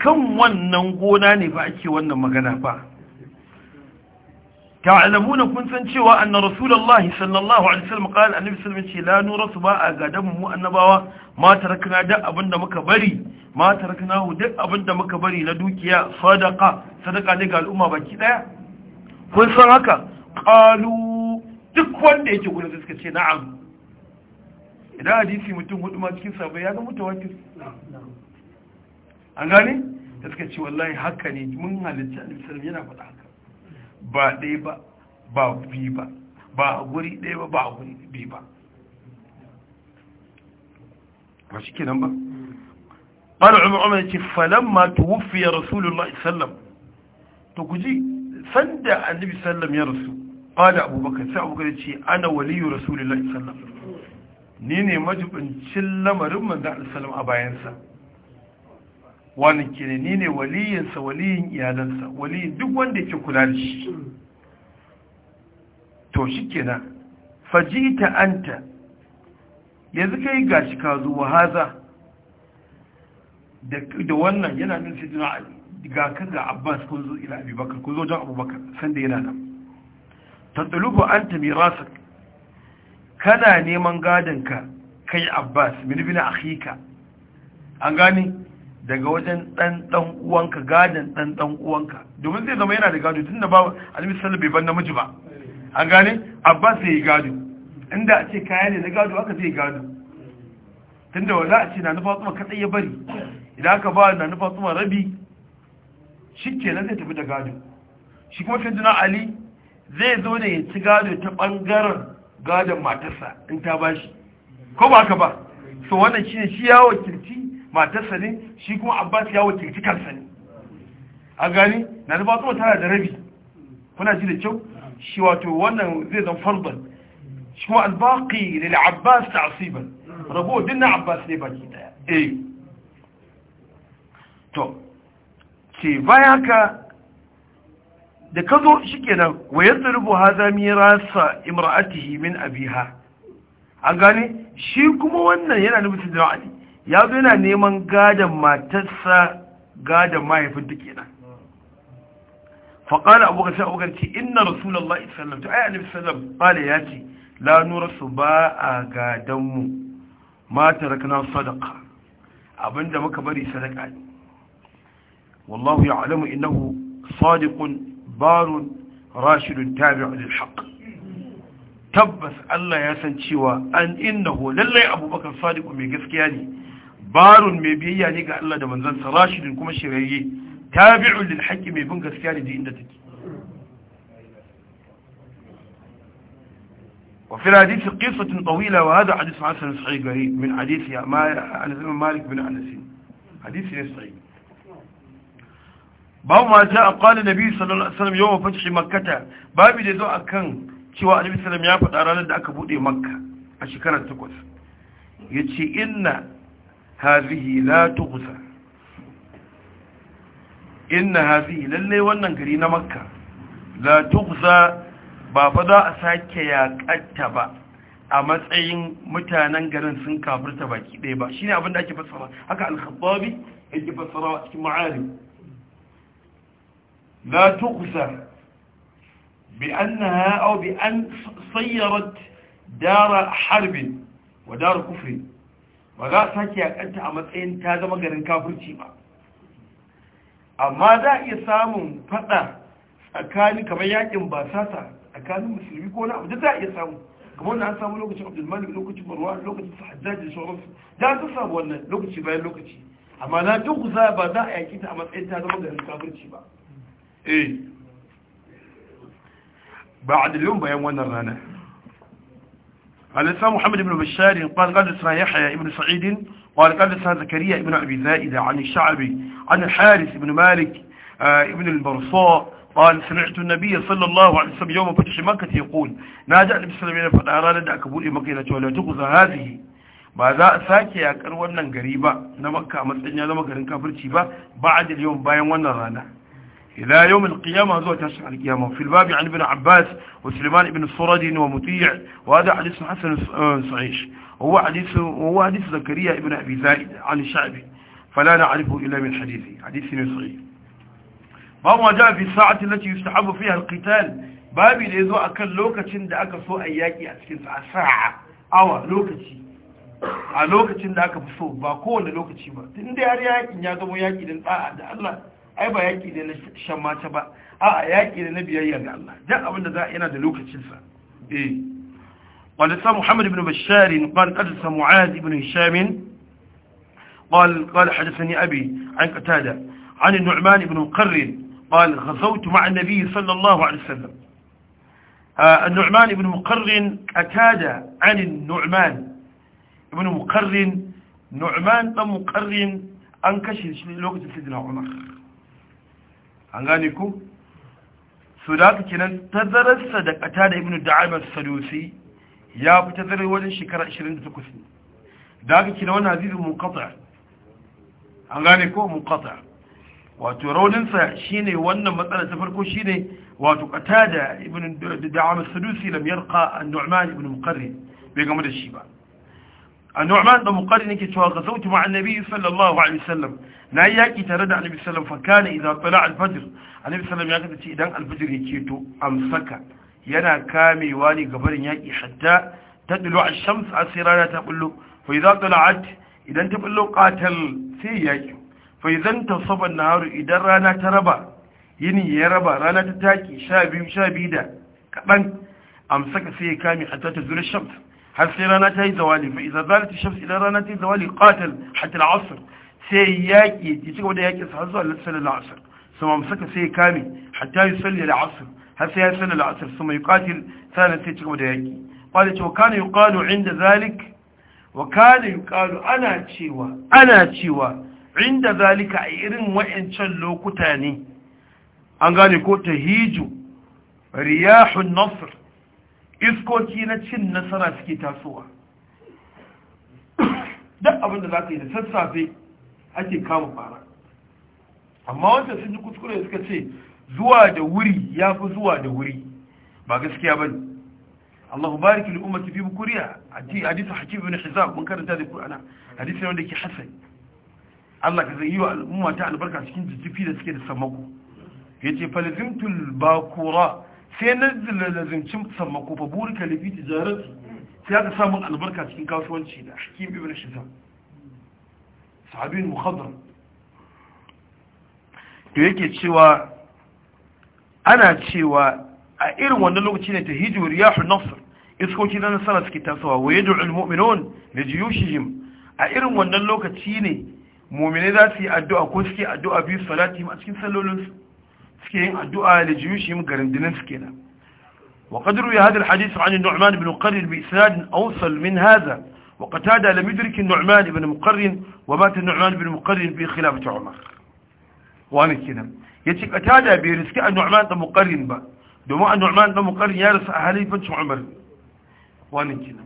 kan wannan gona ne fa ake wannan magana fa na kun san cewa anna Rasulallah, sallallahu alaihi wasallam qala annabi sallallahu alaihi wasallam ce la nurasu ba a gadon mu annabawa ma rakina duk abinda muka bari ma rakina duk abinda muka bari na dukiya sadaka sadaka ne ga al'umma baki daya kun san haka ƙalu duk wanda yake gudun suka ce na'am idan hadisi mutum hudu ma cikin sabai ya ga mutawatir an gane da suka ce wallahi haka ne mun halitta annabi sallallahu yana faɗa haka ba ɗaya ba ba bi ba ba a guri ɗaya ba ba a guri bi ba ba shi kenan ba ƙalu عمر عمر فلما توفي رسول الله صلى الله عليه وسلم sanda annabi sallam ya rasu qala abubakar sai abubakar ce ana waliyu rasulullahi sallam ni ne majibincin lamarin manzo sallam a bayansa wani kire ni ne sa waliyin iyalansa waliyin duk wanda yake kula da shi to shikenan fajita anta yanzu kai gashi ka zo wa haza da wannan yana nufin sidina ali ga kan ga abbas kun zo ila abubakar kun zo jan abubakar sanda yana nan tattalubu an ta mirasa kana neman gadonka kai abbas a akhika an gane daga wajen ɗanɗan uwanka gadon ɗanɗan uwanka domin zai zama yana da gado tun da ba alimisar bai ban namiji ba an gane abbas zai yi gado inda a ce kaya ne na gado aka zai gado tun da za a ce na nufa tsuma kaɗai ya bari idan aka ba na nufa tsuma rabi shi kenan zai tafi da gado shi kuma sayyidina ali zai zo ne ya ci gado ta bangaren gadon matarsa in ta bashi ko ba ka ba so wannan shine shi ya wakilci matarsa ne shi kuma abbas ya wakilci kansa ne a gani na da batsuwa tana da rabi kuna ji da kyau shi wato wannan zai zan farban shi kuma albaqi lil abbas ta'siban rabo dinna abbas ne baki daya eh to ce baya ka da ka zo shi kenan wayar da rubu haza mirasa imra'atihi min abiha an gane shi kuma wannan yana nufin da ali ya zo yana neman gadon matarsa gadon mahaifinta nan faƙara abokan sai abokan ce inna rasulallah isallam ta ayyana isallam ƙala ya ce la su ba a gadonmu mata rakana sadaka abinda muka bari sadaka ne والله يعلم إنه صادق بار راشد تابع للحق tabbas Allah ya san cewa an innahu lallai abubakar sadiku mai gaskiya ne barun mai biyayya ne ga Allah da manzansa rashidin kuma shirayye tabi'un lil haqqi mai bin gaskiya ne da inda take وفي الحديث قصة طويلة وهذا حديث حسن صحيح من حديث ما عن مالك بن أنس حديث صحيح babu ma ja a kwanan nabi sallallahu alaihi wasallam yawan fashi makkata babu da zo akan cewa annabi sallallahu ya faɗa ranar da aka bude makka a shekarar takwas yace inna hazihi la tughza inna hazihi lalle wannan gari na makka la tughza ba fa za a sake yakatta ba a matsayin mutanen garin sun kafirta baki ɗaya ba shine abin da ake fassara haka al-khattabi yake fassara cikin ma'arif لا تقسم بأنها أو بأن صيرت دار حرب ودار كفر ولا ساكي أنت أمتين تازم غير كافر تيما amma za a iya samun fada tsakanin kamar yakin basata tsakanin musulmi ko na abu da za a iya samu kamar wannan an samu lokacin abdulmalik lokacin marwa lokacin sahajjaji da sauransu da su samu wannan lokaci bayan lokaci amma na duk za ba za a yaki ta a matsayin ta zama garin kafirci ba إيه. بعد اليوم بيان وين الرانا قال الإسلام محمد بن بشار قال قال الإسلام يحيى بن سعيد قال قال الإسلام زكريا بن أبي زائدة عن الشعبي عن الحارث بن مالك آه، ابن البرصاء قال سمعت النبي صلى الله عليه وسلم يوم فتح مكة يقول نادى النبي صلى الله عليه وسلم فأرى لدى كبول مكة ولا تغزى هذه ماذا ساكي أكر ونن قريبا نمكة مسجنة نمكة نكفر بعد اليوم باين ونرانه إلى يوم القيامة هذا تشرع القيامة في الباب عن ابن عباس وسليمان بن الصرد ومطيع وهذا حديث حسن صحيح وهو حديث وهو حديث زكريا ابن أبي زائد عن الشعبي فلا نعرفه إلا من حديثه حديث صحيح ما هو جاء في الساعة التي يستحب فيها القتال بابي لإذو أكل لوكتين أكل أكسو أياكي أسكن ساعة أو لوكة a lokacin da aka fi so ba kowane lokaci ba tun da har yakin ya zama yaki da Allah ai ba yaki ne na shan mata ba a yaki ne na biyayya ga Allah duk abin da za yana da lokacinsa eh wanda sa Muhammad ibn Bashar qala qad sa Mu'az ibn Hisham قال قال حدثني أبي عن قتادة عن النعمان بن مقرن قال غزوت مع النبي صلى الله عليه وسلم النعمان بن مقرن أتادة عن النعمان بن مقرن نعمان بن مقرن أنكشف لوقت سيدنا عمر an gane ku su da aka kenan tazararsa da kata da ibn da'amar sadusi ya fi tazarar wajen shekara 28 da aka kenan wani hadisin munqata an gane ko munqata wato rauninsa shine wannan matsala ta farko shine wato kata da ibn da'amar sadusi lam yarqa an-nu'man ibn muqarrib bai gama da shi ba a nu'man da muqarri nake cewa ga sautu ma annabi sallallahu alaihi wasallam na yaki tare da annabi sallallahu alaihi wasallam fa kana idza tala al-fajr annabi sallallahu idan al-fajr yake to amsaka yana kamewa ne gabarin yaki hatta tadlu ash-shams asirana ta bullo fa idza tala'at idan ta bullo qatal sai yaki fa idan tasaba an-nahar idan rana ta raba yini ya raba rana ta taki da kadan amsaka sai ya kame hatta tadlu هل رانتي زوالي فإذا ظلت الشمس إلى رانتي زوالي قاتل حتى العصر سيياكي يتكب ودى ياكي صحيح الظهر لتصل العصر ثم مسك سيكامي حتى يصلي العصر هل سيها العصر ثم يقاتل ثانا سيتكب ودى ياكي قالت وكان يقال عند ذلك وكان يقال أنا تشيوى أنا تشيوى عند ذلك إرن وإن شلو كتاني أنقالي كوتهيجو رياح النصر iskoki na cin nasara suke tasowa duk abin da za ka yi da sassafe ake kama fara amma wanda sun ji kuskure suka ce zuwa da wuri ya fi zuwa da wuri ba gaskiya ba ne allahu bariki kuriya a ji hadisu hakim bin mun karanta da qur'ana hadisi wanda ke hasan Allah ka zai yi wa al'umma ta albarka cikin jijjifi da suke da samako yace falzimtul bakura sai na lalazimcin sammako fa buri kalifi tijarar sai aka samun albarka cikin kasuwanci da hakim ibn shizam sahabin muhadar to yake cewa ana cewa a irin wannan lokaci ne ta hijo riyahu nasr iskoki na nasara suke tasowa wa yad'u almu'minun da jiyushihim a irin wannan lokaci ne mu'mine za su yi addu'a ko suke addu'a biyu salatihim a cikin sallolinsu سكين الدعاء لجيوش da دين سكينة وقد روي هذا الحديث عن النعمان بن مقرن بإسناد أوصل من هذا وقتادة لم يدرك النعمان بن مقرن ومات النعمان بن مقرن في خلافة عمر وأنا كنا يتي قتادة بيرسك النعمان بن مقرن با دماء النعمان بن مقرن يارس خليفة عمر وأنا كنا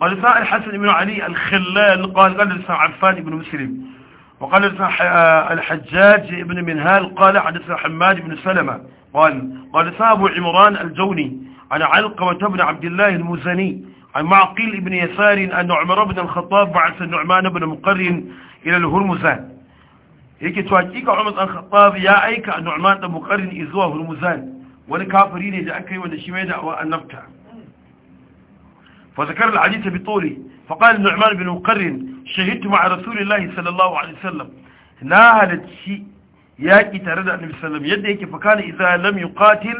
قال الحسن بن علي الخلال قال قال لسان عفان بن مسلم وقال آه، الحجاج بن منهال قال حدثنا حماد بن سلمة قال قال ابو عمران الجوني عن علق ابن عبد الله المزني عن معقيل ابن يسار أن عمر بن الخطاب بعث النعمان بن مقرن إلى الهرمزان هيك تواجيك عمر بن الخطاب يا أيك النعمان بن مقرن إذوا هرمزان ولكافرين إذا أكري ونشميد وأنبتع فذكر الحديث بطوله فقال النعمان بن مقرن shahidu ma'a rasulillahi sallallahu alaihi wasallam na halacci yaƙi tare da annabi sallam yadda yake fakala idza lam yuqatil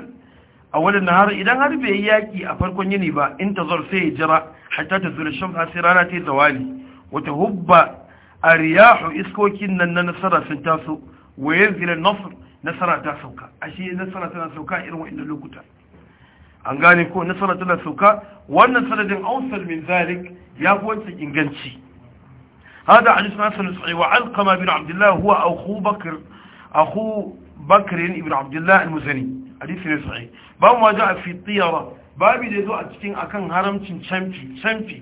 awwalan nahar idan har bai yaki a farkon yini ba in tazar sai ya jira hatta tazura shams har sai rana ta yi zawali wata hubba a riyahu iskokin nan na nasara sun taso wa yanzila nasr nasara ta sauka ashe nasara tana sauka irin wa'annan lokuta an gane ko nasara tana sauka wannan sanadin ausar min zalik ya fi wancan inganci هذا حديث حسن صحيح وعلقمة بن عبد الله هو أخو بكر أخو بكر بن عبد الله المزني حديث صحيح باب ما جاء في a cikin akan haramcin canfi canfi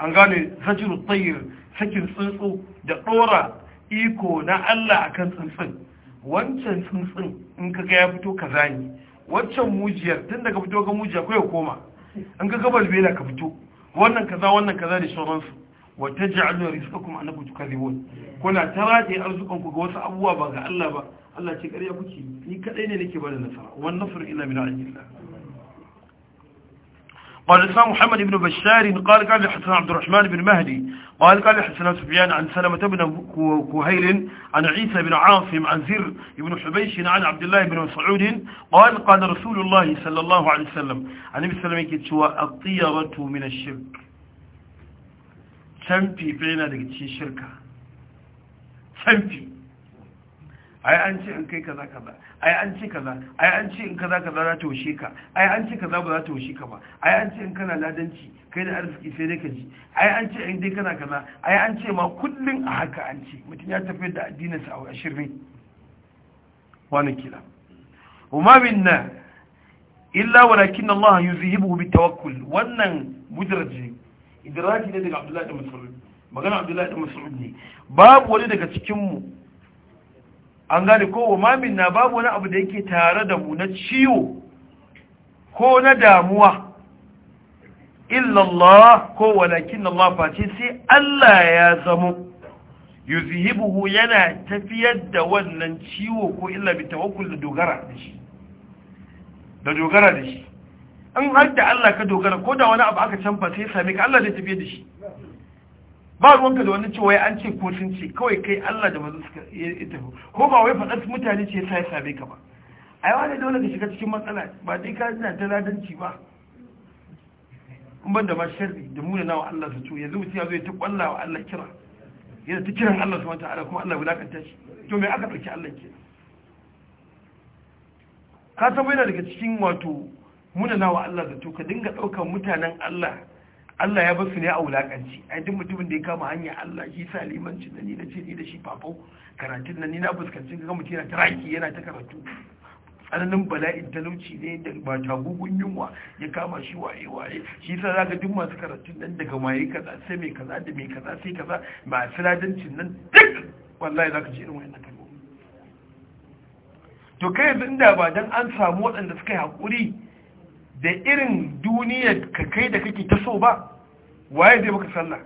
an gane zajiru tsayir sakin tsuntsu da ɗora iko na Allah akan tsuntsun wancan tsuntsun in ka ya fito wancan mujiyar tun daga fito ga mujiya ko koma in ka ga balbela ka fito wannan kaza wannan kaza da sauransu وتجعلوا رزقكم انكم تكذبون كنا ترى دي ارزقكم ga wasu abubuwa ba ga Allah ba Allah ce ƙarya kuke ni kadai ne nake bada nasara wan nasr illa min indillah قال الإسلام محمد بن بشار قال قال حسن عبد الرحمن بن مهدي قال قال حسن سفيان عن سلمة بن كهيل عن عيسى بن عاصم عن زر بن حبيش عن عبد الله بن مسعود قال قال رسول الله صلى الله عليه وسلم عن النبي صلى الله عليه وسلم الطيرة من الشرك canfi fa yana daga cikin shirka canfi ai an ce in kai kaza kaza ai an ce kaza ai an ce in kaza kaza za ta washe ka ai an ce kaza ba za ta washe ka ba ai an ce in kana ladanci kai da arziki sai dai ka ji ai an ce in dai kana kaza ai an ce ma kullun a haka an ce mutum ya tafi da addinin sa a shirme wani kila وما منا إلا ولكن الله يذهبه بالتوكل wannan مدرج idraji ne daga abdullahi da mas'ud magana abdullahi da mas'ud ne babu wani daga cikin mu an gane kowa mamin na babu wani abu da yake tare da mu na ciwo ko na damuwa illallah ko walakin na face sai Allah ya zamo yuzhibuhu yana tafiyar da wannan ciwo ko illa bi tawakkul da dogara da shi da dogara da shi in har da Allah ka dogara ko da wani abu aka canfa sai same ka Allah zai tafiye da shi ba ruwanka da wani cewa an ce ko sun ce kawai kai Allah da manzo suka yi tafi ko ba wai faɗa mutane ce sai same ka ba ai wani dole ka shiga cikin matsala ba dai ka jina ta ladanci ba in ban da ma sharri da muna nawa Allah su to yanzu mutum ya zo ya ta kwalla wa Allah kira yana ta kiran Allah wata ala kuma Allah wulakanta shi to me aka dauki Allah ke ka san yana daga cikin wato muna nawa Allah zato ka dinga ɗaukar mutanen Allah Allah ya basu ne a wulakanci ai duk mutumin da ya kama hanya Allah shi sa limanci da ni da ce ni da shi fafo? karatun nan ni na fuskanci ga mutum yana taraki yana ta karatu tsananin bala'in talauci ne da ba tagugun yunwa ya kama shi waye waye shi sa zaka duk masu karatun nan daga waye kaza sai mai kaza da mai kaza sai kaza ba filadancin nan duk wallahi zaka ji irin wayannan kalmomi to kai yanzu inda ba dan an samu waɗanda suka yi hakuri da irin duniyar ka kai da kake ta so ba waye zai maka sallah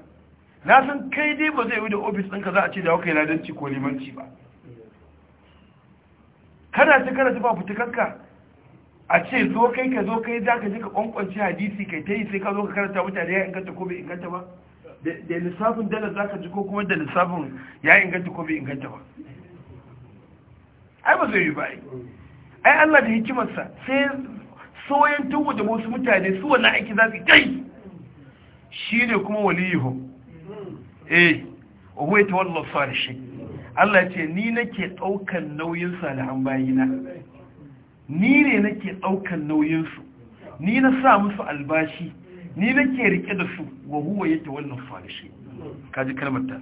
na san kai dai ba zai yi da ofis ɗinka za a ce da wakai ladanci ko limanci ba kana ce kana ba fitukarka a ce zo kai ka zo kai za ka je ka kwankwanci hadisi kai ta yi sai ka zo ka karanta mutane ya inganta ko bai inganta ba da lissafin dalar za ka ji ko kuma da lissafin ya inganta ko bai inganta ba ai ba zai yi ba ai Allah da hikimarsa sai soyan tuwo da wasu mutane su wannan aiki za su kai shi ne kuma waliyu eh wa ta wallah shi. Allah ce ni nake daukan nauyin salihan bayina ni ne nake daukan nauyin su ni na sa musu albashi ni nake rike da su wa huwa yata wallah salishi kaji kalmar ta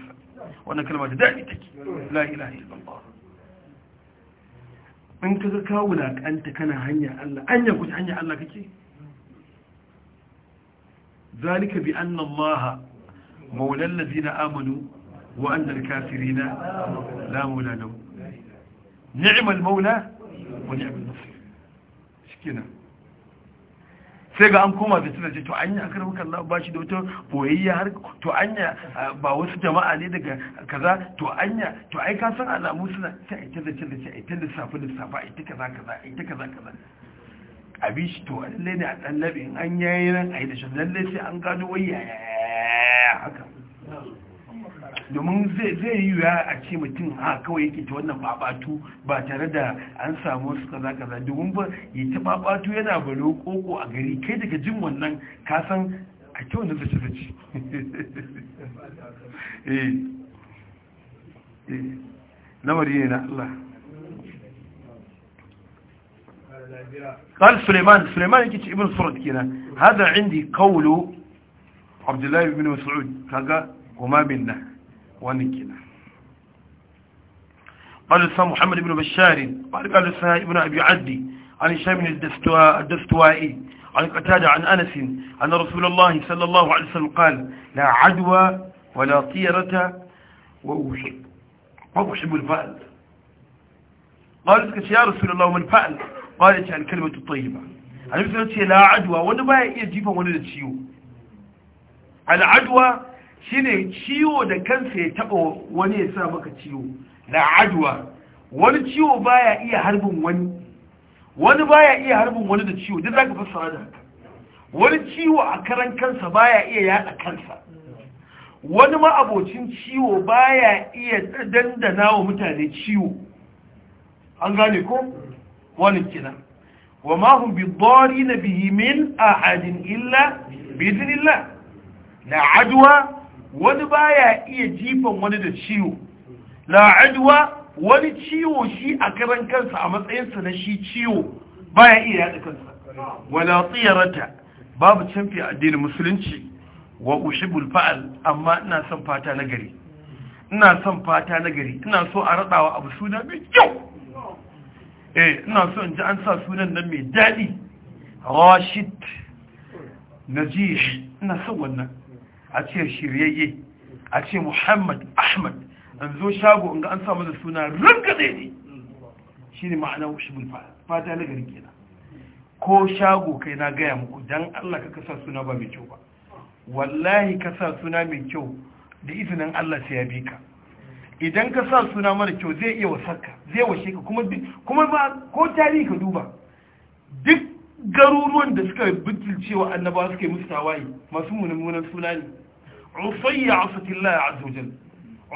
wannan kalmar da dadi take la ilaha illallah in ka ga ka wulaƙanta kana hanya Allah anya kuce hanya Allah kake zalika bi anna Allah mawla allazina amanu wa anna alkafirina la mawla lahum ni'mal mawla wa ni'mal nasir shikenan sai ga an koma da suna ce to anya akar maka kan ba shi da wata boyayya har to anya ba wasu jama'a ne daga kaza to anya to ai ka san alamu suna sai ai tada da sai a tada safa da safa ai ta kaza kaza a ta kaza kaza abin shi to lallai ne a dan labin an yayi nan yi da shi lallai sai an gano wayya haka domin zai yi ya a ce mutum ha kawai yake ta wannan babatu ba tare da an samu su kaza kaza domin ba ya ta babatu yana balo koko a gari kai daga jin wannan kasan a kyau na zace zace eh. Eh. lamari ne na Allah قال سليمان سليمان يكيش ابن سرد كنا هذا عندي قول عبد الله بن مسعود كذا وما منه ونكنا قال الإسلام محمد بن بشار قال قال لسان ابن أبي عدي عن هشام الدستوائي عن قتادة عن أنس أن رسول الله صلى الله عليه وسلم قال لا عدوى ولا طيرة وأحب وأحب الفأل قال يا رسول الله من الفأل قالت الكلمة الطيبة أنا صلى لا عدوى وأنا ما يجيبها ولا تشيو العدوى shine ciwo da kansa ya taba wani ya sa maka ciwo da ajwa wani ciwo baya iya harbin wani wani baya iya harbin wani da ciwo duk zaka fassara da haka wani ciwo a karan kansa baya iya yada kansa wani ma'abocin ciwo baya iya dandana wa mutane ciwo an gane ko wani kina wa ma hum bi dharina bihi min ahadin illa bi idnillah la adwa wani baya iya jifan wani da ciwo la adwa wani ciwo shi a karan kansa a matsayinsa na shi ciwo baya iya yada kansa wala tsiyarata babu canfi a addinin musulunci wa ushibul fa'al amma ina son fata na gari ina son fata na gari ina so a radawa abu suna mai kyau eh ina so in ji an sa sunan nan mai dadi rashid najih ina son wannan a ce shiryayye a ce muhammad ahmad an zo shago in ga an sa da suna ranka zai ne shi ne ma'ana wushibul fata na gari kenan ko shago kai na gaya muku dan allah ka kasa suna ba mai kyau ba wallahi ka sa suna mai kyau da izinin allah sai ya bi ka idan ka sa suna mara kyau zai iya wasarka zai washe ka kuma ba ko tarihi ka duba duk garuruwan da suka bitilcewa annabawa suka yi musu tawaye masu munan suna ne usayya asatillahi azza wajal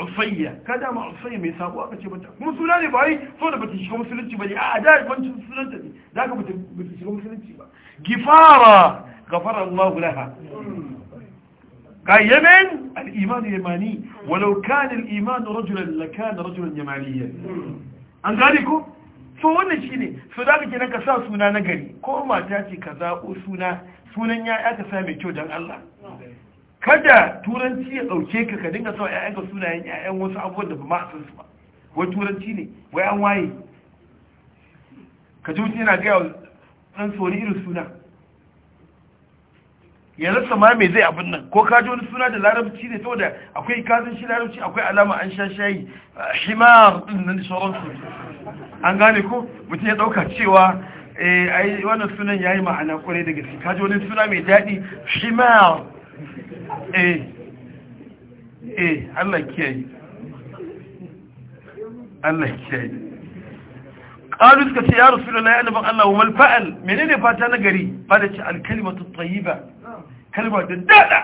usayya kada ma usayya mai sabo aka ce mata kuma suna ne bai so da bata shiga musulunci bane a da bancin sunanta ne zaka bata bata shiga musulunci ba gifara laha الإيمان يماني ولو كان الإيمان رجلا لكان رجلا يمانيا أنقالكم so wannan shi ne so za ka kenan ka sa suna na gari ko mata ce ka zaɓo suna sunan ya ka sa mai kyau don Allah kada turanci ya ɗauke ka ka dinga sau ‘ya'yanka sunayen ‘ya'yan wasu abubuwan da ba ma san su ba wai turanci ne wai an waye ka ji yana gaya wa ɗan wani irin suna ya rasa ma mai zai abin nan ko ka ji wani suna da larabci ne saboda akwai kasan shi larabci akwai alama an sha shayi himar ɗin nan su an gane ko mutum ya ɗauka cewa eh ai wannan sunan yayi ma'ana kwarai da gaske ka ji wani suna mai daɗi himar eh eh Allah kiyaye Allah kiyaye qalu suka ce ya rasulullahi annabi Allah wal fa'al menene fata na gari ba da ce al kalimatu tayyiba kalma da dada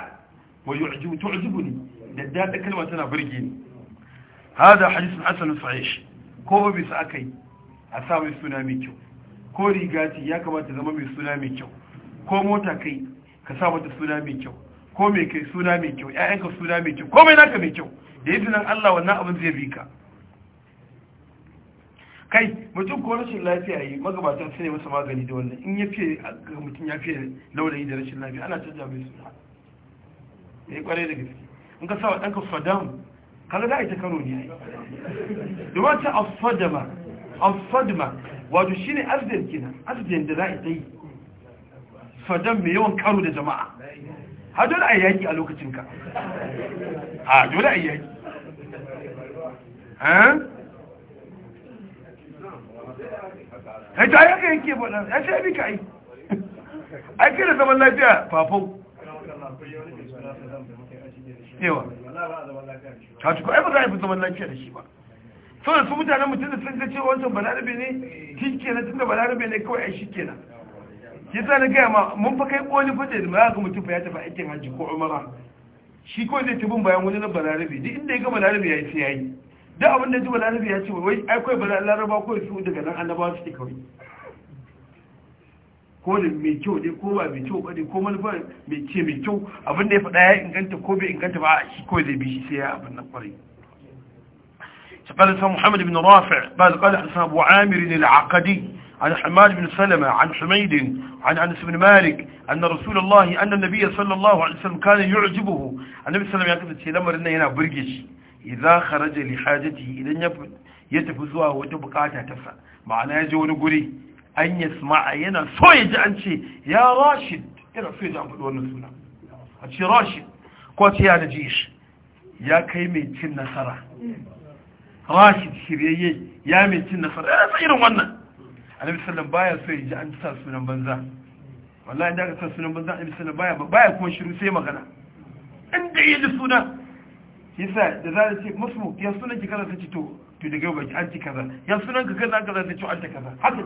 wa yu'jibu tu'jibuni da dada kalma tana burge ni hada hadithun hasan sahih ko bisa kai a sa mai suna mai kyau ko riga ya kamata zama mai suna mai kyau ko mota kai ka sa mata suna mai kyau ko mai kai suna mai kyau ƴaƴanka suna mai kyau komai naka mai kyau da nan Allah wannan abin zai bi ka kai mutum ko rashin lafiya yi magabatan su ne masa magani da wannan in ya fiye ga mutum ya fiye laulayi da rashin lafiya ana canja mai suna ya eh, yi kwarai da gaske in ka sawa ɗanka fadam kaga za a yi ta karo ne ya yi da wata alfadama alfadama wato shi ne arzikin kina arzikin da za a yi ta yi saddam mai yawan karo da jama'a ha dole a yaki a lokacin ka ha dole a yaki ha ta yaka yake bada ya ce abi ka a ai da zaman lafiya fafau yawa ta tuku ai ba za a yi zaman lafiya da shi ba sau da su mutanen mutum da sun ce wancan balarabe ne shi kenan tun da balarabe ne kawai a shi kenan ta na gaya ma mun fa kai koli fa da ma ga mutum fa ya tafi aikin hajji ko umara shi ko zai tabin bayan wani na balarabe duk inda ya ga balarabe ya ce yayi duk abin da ji balarabe ya ce wai ai kai balaraba ko su daga nan annabawa suke kawai ko mai kyau dai ko ba mai kyau ba dai ko manufa mai ce mai kyau abin da ya faɗa ya inganta ko bai inganta ba shi ko zai bi shi sai ya abin nan kwarai قال سيدنا محمد بن رافع قال قال حسن أبو عامر العقدي عن حماد بن سلمة عن حميد عن أنس بن مالك أن رسول الله أن النبي صلى الله عليه وسلم كان يعجبه النبي صلى الله عليه وسلم يقول لما رنا هنا برجش إذا خرج لحاجته إذا يتفزوها وتبقاتها تفع معنى يجون قري أن يسمع ينا سويد أن شيء يا راشد ينا سويد أن بدون نسونا أن شيء راشد قوت يا نجيش يا كيمي تن نصرة راشد شريعي يا مي تن نصرة أنا سيرا وانا annabi sallallahu baya so ya ji an sa sunan banza wallahi da ka sa sunan banza annabi sallallahu baya baya kuma shiru sai magana inda yaji suna yasa da za ta ce musmu ya sunan ki kaza ta ce to to daga yau baki an ci kaza ya sunan ka kaza kaza ta ce an ta kaza haka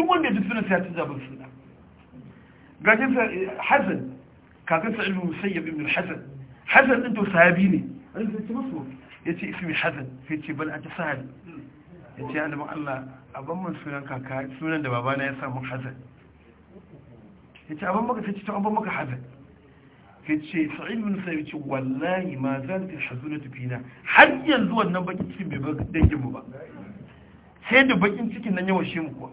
duk wanda ya ji sunan sai ya canza ban suna ga shi eh, hasan kakan sa ibn musayyib ibn hasan hasan din to sahabi ne an sai masu yace ismi hasan sai ce bal anta sahabi in ce adamin Allah abin mun sunan kaka sunan da babana ya samu hazan ya ce abin maka sai ce an maka hazan ya ce sa'id bin sai ce wallahi ma zalika hazunatu fina har yanzu wannan bakin cikin bai bar dangin mu ba sai da bakin cikin nan yawa shi mu kuwa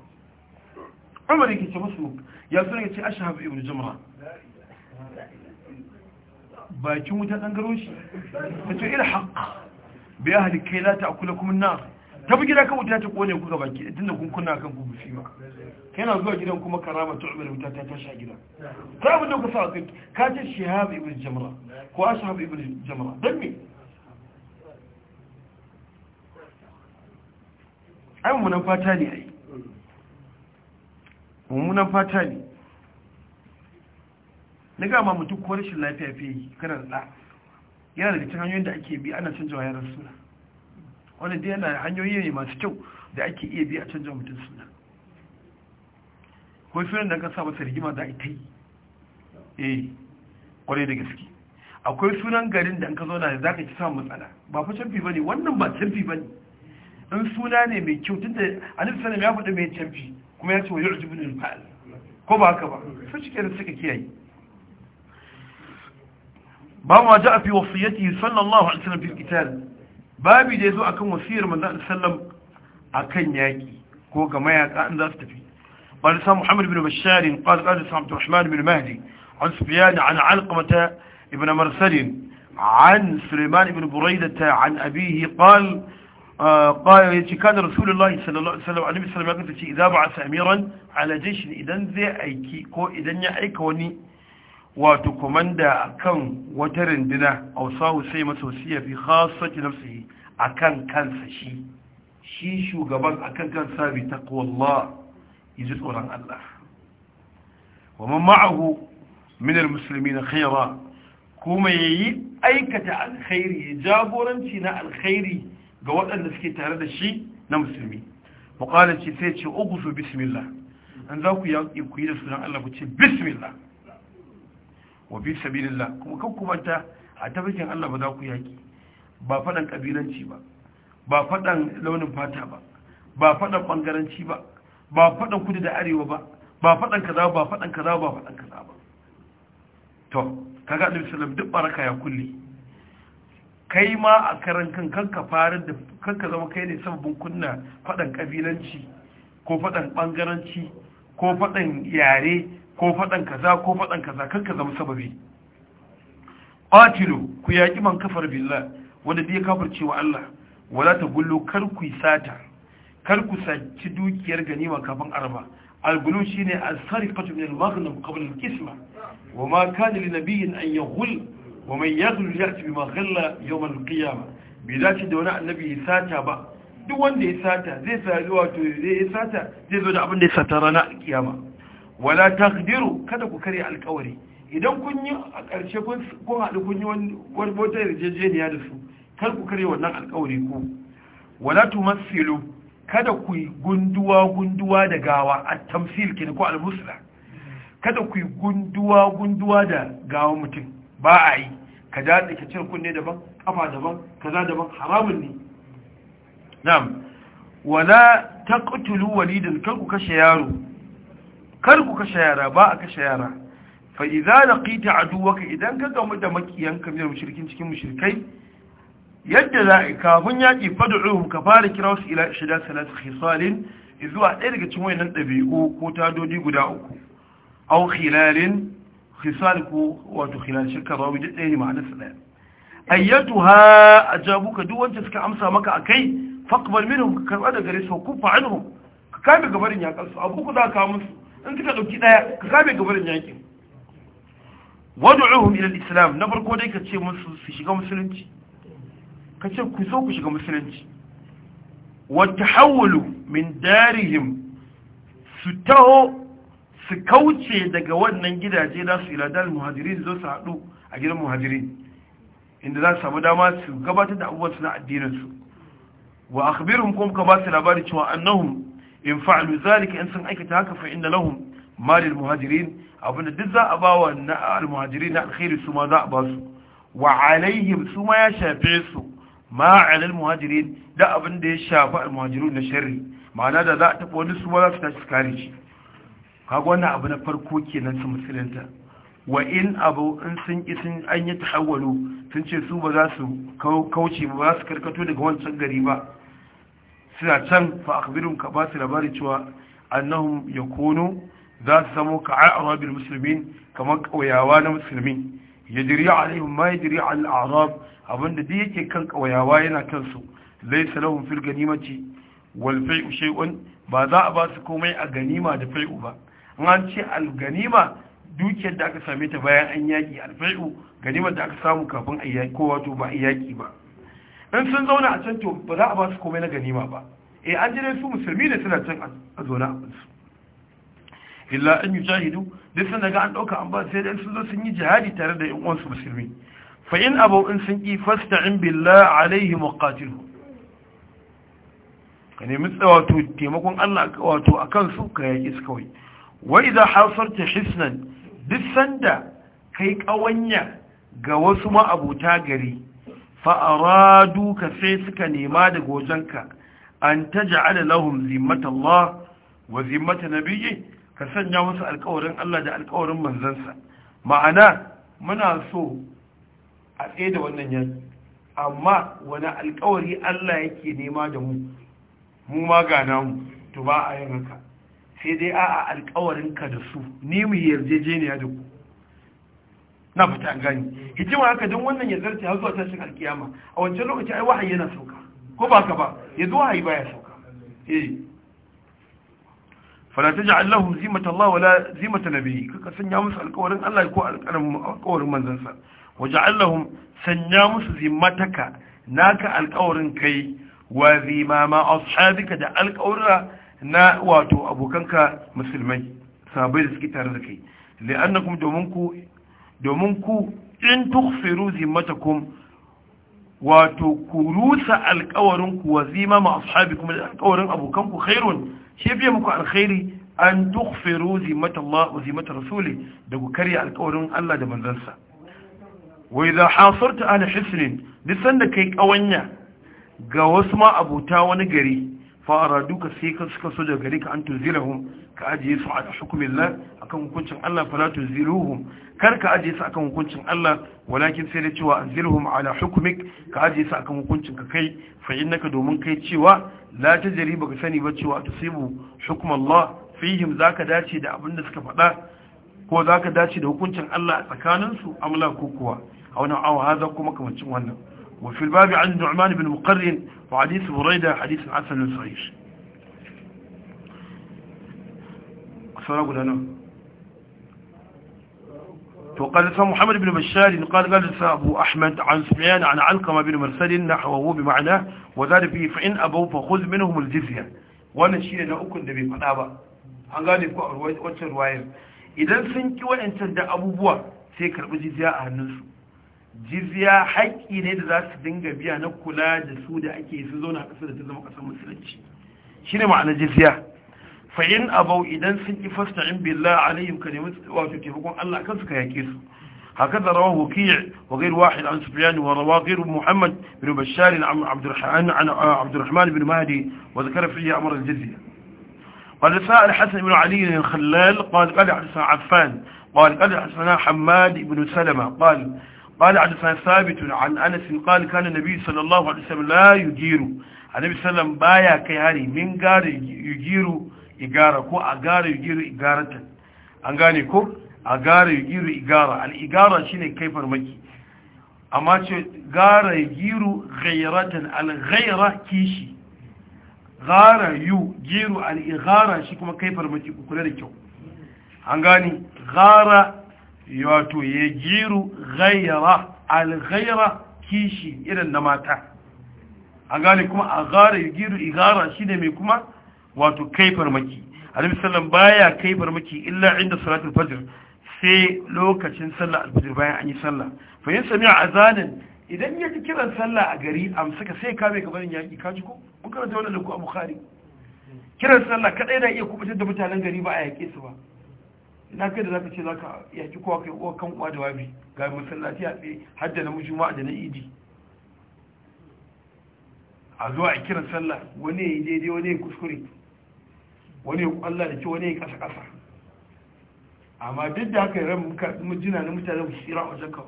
umar yake ce musu ya suna ya ce ashhab ibn jama'a bakin wuta dan garo shi ta ce haƙa bi ahli kai la ta'kulakum kuma na tafi gida kan wuta ta kone ku gaba tun tunda kunkuna kunna kan ku bufi ba yana zuwa gidan kuma karama ta umar wuta ta tashi a gidan ta abin da ku sa ka ka ce shihab ibn jamra ko ashab ibn jamra dan me ai mun fata ne ai mummunan fata ne na gama mutum ko rashin lafiya fiye kana da yana daga cikin hanyoyin da ake bi ana canjawa yaran suna wani da yana hanyoyi ne masu kyau da ake iya bi a canja mutum suna ko sunan da kasa sa masa rigima da ita yi eh kwarai da gaske akwai sunan garin da an ka zauna da za ka ci samun matsala ba fa canfi ba ne wannan ba canfi ba ne in suna ne mai kyau tun da alif salam ya faɗi mai canfi kuma ya ce wa yi rujubin faal ko ba haka ba sun cike da suka kiyaye ba ma ja a fi wasu yati sallallahu alaihi wasallam bil qital babi da ya zo a kan wasiyar manzan sallam a kan yaƙi ko ga mayaƙa an za su tafi ƙwada sa muhammad bin basharin ƙwada ƙwada sa abdurrahman bin mahdi an sufiyani an alƙamata ibn marsalin عن سليمان بن بريدة عن أبيه قال آه قال كان رسول الله صلى الله عليه وسلم النبي صلى الله عليه وسلم إذا بعث أميرا على idan zai aiki ko idan ya aika wani. wato komanda kan wata rindina ausahu sai masa wasiya fi khassati a akan kansa shi shi shugaban kan kansa bi taqwallah yaji tsoron Allah wa man musulmi min almuslimin khayra kuma yayi aikata alkhairi jagoranci na alkhairi ga waɗanda suke tare da shi na musulmi muqala ce sai ce ugusu bismillah an za ku yi da sunan Allah ku ce bismillah wa fi sabilillah kuma kan ku manta a tafikin Allah ba za ku yaki ba fadan kabilanci ba ba fadan launin fata ba ba fadan bangaranci ba ba fadan kudu da arewa ba ba fadan kaza ba fadan kaza ba fadan kaza ba to kaga annabi sallallahu duk baraka ya kulle kai ma a karan kan kanka farin da kanka zama kai ne sabbin kunna fadan kabilanci ko fadan bangaranci ko fadan yare ko faɗan kaza ko faɗan kaza kan ka zama sababi qatilu ku yaki man kafar billah wanda zai kafirce wa Allah wala ta gullo kar ku sata kar ku saci dukiyar ganima kafin araba albulu shine as-sarifatu min al-maghnam qabla al-qisma wa ma kana li nabiyyin an yaghul wa man yaghul ya'ti bima ghalla yawm al-qiyamah bi da wani annabi ya sata ba duk wanda ya sata zai sa zuwa to zai sata zai zo da abin da ya sata ranar kiyama wala taqdiru kada ku kare alƙawari idan kun yi a ƙarshe kun haɗu kun yi wani wata yarjejeniya da su kar ku kare wannan alƙawari ku wala tumassilu kada ku yi gunduwa gunduwa da gawa a tamsil kin ko al-musla kada ku yi gunduwa gunduwa da gawa mutum ba a yi ka ja da ka cire kunne daban kafa daban kaza daban haramun ne na'am wala taqtulu walidan kar ku kashe yaro kar ku kashe yara ba a kashe yara fa idza laqita aduwaka idan ka gamu da makiyanka min mushrikin cikin mushrikai yadda za a kafin yaki fad'uhum ka fara kira su ila shida salat khisalin zuwa ɗaya daga cikin wayannan ɗabi'u ko tadodi guda uku aw khilalin khisal ko wato khilal shirka rawi da ɗaya ne ma'anar sa ɗaya ayyatuha ajabuka duk wanda suka amsa maka akai faqbal minhum ka karba daga gare su ku anhum ka kame gabarin yakal su abu ku za ka musu in suka ɗauki ɗaya ka kame gabarin yakin wad'uhum ila al-islam na farko dai ka ce musu su shiga musulunci ka ku so ku shiga musulunci wa tahawulu min darihim su taho su kauce daga wannan gidaje da su ila dal muhajirin zo su haɗu a gidan muhajirin inda za su samu dama su gabatar da abubuwan su na addinin su wa akhbirhum kuma ka ba su labari cewa annahum in fa'alu zalika in sun aikata haka fa inna lahum malil muhajirin abinda duk za a ba wa al muhajirin na alkhairi su ma za a ba su wa alaihim su ma ya shafe su ma alal muhajirin da abinda ya shafa al muhajirun na sharri ma'ana da za a taɓa wani su ma za su tashi kare shi kaga wannan abu na farko kenan su musulunta wa in abu in sun ki sun an yi tahawwalu sun ce su ba za su kauce ba za su karkato daga wancan gari ba suna can fa ka ba su labari cewa annahum yakunu za su samu ka da musulmi kamar kauyawa na musulmi yajri alaihim ma yajri al a'rab abinda duk yake kan kauyawa yana kansu zai lahum fil ganimaci wal fai'u shay'un ba za a ba su komai a ganima da fai'u ba an ce al ganima dukiyar da aka same ta bayan an yaki al fai'u ganimar da aka samu kafin a yaki ko wato ba a yaki ba in sun zauna a can to ba za a ba su komai na ganima ba eh an jira su musulmi ne suna can a zauna a su illa an yujahidu duk sun daga an dauka an ba sai dan sun zo sun yi jihadi tare da yan uwansu musulmi fa in abu in sun ki fasta'in billah alaihi muqatilu ka nemi wato taimakon Allah wato akan su ka yaki su kawai wa idza hasarta hisnan duk sanda kai ƙawanya ga wasu ma'abuta gari fa'aradu ka sai suka nema da wajenka an ta ja'ala lahum zimmatallah wa zimmata na nabiyyi ka sanya musu alƙawarin Allah da alƙawarin manzansa ma'ana muna so a tsaye da wannan yaki amma wani alƙawari Allah yake nema da mu mu ma gana mu to ba a yin haka sai dai a'a alƙawarin ka da su ni mu yarjejeniya da ku na fita an gani hikima haka don wannan ya zarce har zuwa tashin alkiyama a wancan lokaci ai wahayi yana sauka ko ba ka ba yanzu wahayi baya sauka eh fala taj'al lahum zimata Allah wala zimata nabiyyi kaka sanya musu alƙawarin Allah ko alƙawarin manzon sa waj'al lahum sanya musu zimmataka naka alƙawarin kai wa zimama ashabika da alƙawarra na wato abokanka musulmai sabai da suke tare da kai li'annakum domin ku domin ku in tukfiru zimmatakum wato ku rusa alkawarin ku wa zima ma ashabikum alkawarin abokan ku khairun shi fiye muku alkhairi an tukfiru zimmatallah wa zimmata rasuli da ku karya alkawarin Allah da manzansa wa idha hasarta ala hisnin duk sanda kai kawanya ga wasu ma abuta wani gari fa araduka sai ka suka so da gari ka an tuzilahum ka ajiye su a hukumin akan hukuncin Allah fala tuziruhum kar ka ajiye su akan hukuncin Allah walakin sai da cewa anzirhum ala hukumik ka ajiye su akan hukuncin ka kai fa domin kai cewa la tajri baka sani ba cewa tusibu hukm Allah fihim ka dace da abin da suka faɗa ko ka dace da hukuncin Allah a tsakanin su amla ko kuwa a wani awa haza kuma kamancin wannan وفي الباب عن نعمان بن مقرن وحديث بريدة حديث حسن صحيح saura guda nan to قال سمع محمد بن بشار قال قال أبو أحمد عن سفيان عن علقمة بن مرسل نحوه بمعناه وذلك فيه فإن أبوا فخذ منهم الجزية wannan shine na ukun da bai faɗa ba an gane ku a wacce ruwayar idan sun ki wayancan da abubuwa sai karɓi jizya a hannunsu jizya haƙƙi ne da za su dinga biya na kula da su da ake su zauna a ƙasar da ta zama ƙasar musulunci shine ma'anar jizya fa'in abau idan sun ki fasta'in billah alaihim ka nemi wato taimakon Allah kan suka هكذا رواه وكيع وغير واحد عن سفيان ورواه غير محمد بن بشار عن عبد الرحمن عن عبد الرحمن بن مهدي وذكر فيه أمر الجزية قال سائل حسن بن علي الخلال قال قال حسن عفان قال قال حسن حماد بن سلمة قال قال حسن ثابت عن أنس قال كان النبي صلى الله عليه وسلم لا يجير النبي صلى الله عليه وسلم بايا كيهاري من قال يجير igara ko a gara igara igarata an gane ko a gara giri igara al'igara shi ne kai farmaki amma ce gara yugiru gairatan al'gaira kishi gara yu giru al'igara shi kuma kai farmaki kukule da kyau an gane gara wato ya giru gaira al'gaira kishi irin na mata an gane kuma a gara yugiru igara shi ne mai kuma wato kai farmaki annabi sallam baya kai farmaki illa inda salatul fajr sai lokacin sallah alfajr bayan an yi sallah fa yin sami azanin idan ya ji kiran sallah a gari amsaka sai kame ka barin yaki ka ji ko mun karanta wannan lokacin a bukhari kiran sallah kadai na iya kubutar da mutanen gari ba a yake su ba na kai da zaka ce zaka yaƙi kowa kai uwa kan uwa da wabi ga masallaci a tsaye har da na juma'a da na idi a zuwa a kiran sallah wani ya yi daidai wani ya kuskure wani ya da ke wani ya kasa kasa amma duk da haka yaran jina na mutane su tsira wajen kawo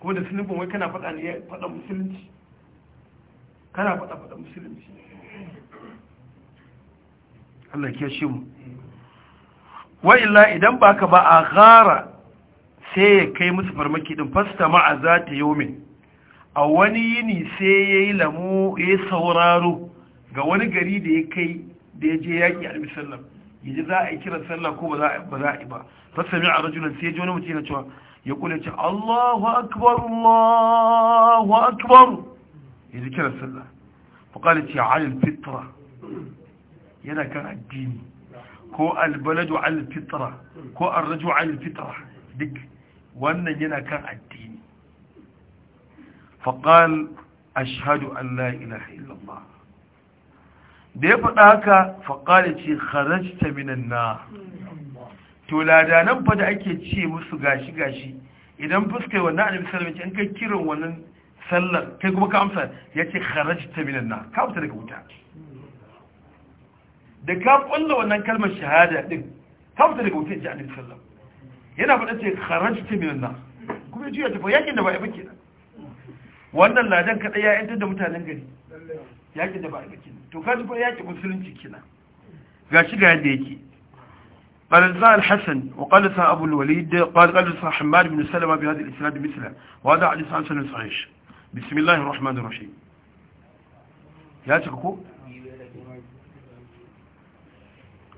kuma da sunubin wai kana faɗa ne faɗa musulunci kana faɗa faɗa musulunci Allah ke shi mu illa idan ba ka ba a gara sai ya kai musu farmaki din fasta ma'a za ta yomin a wani yini sai ya yi lamu ya sauraro ga wani gari da ya kai da ya je yaƙi a nabi sallam ya ji za a yi kiran sallah ko ba za a yi ba fasami a rajulan sai ji wani mutum yana cewa ya kula ce Allahu akbar Allahu akbar ya ji kiran sallah fa qala ce alal fitra yana kan addini ko albaladu alal fitra ko arraju alal fitra duk wannan yana kan addini fa qala ashhadu an la ilaha illallah da ya faɗa haka faƙari ce kharajta minan na to ladanan fa da ake ce musu gashi gashi idan fuskai wannan annabi sallallahu alaihi an kai kiran wannan sallar kai kuma ka amsa ya ce kharajta minan na ka fita daga wuta da ka kulla wannan kalmar shahada ɗin ka fita daga wuta ji a sallallahu yana faɗa ce kharajta minan na kuma ya juya tafi yakin da ba ya bake wannan ladan kaɗai ya yantar da mutanen gari yakin da ba ya bake to kaji ba yaki musulunci kina gashi ga yadda yake قال الزاء الحسن وقال لسا أبو الوليد قال قال لسا حماد بن سلمة بهذا الإسناد مثله وهذا حديث حسن صحيح بسم الله الرحمن الرحيم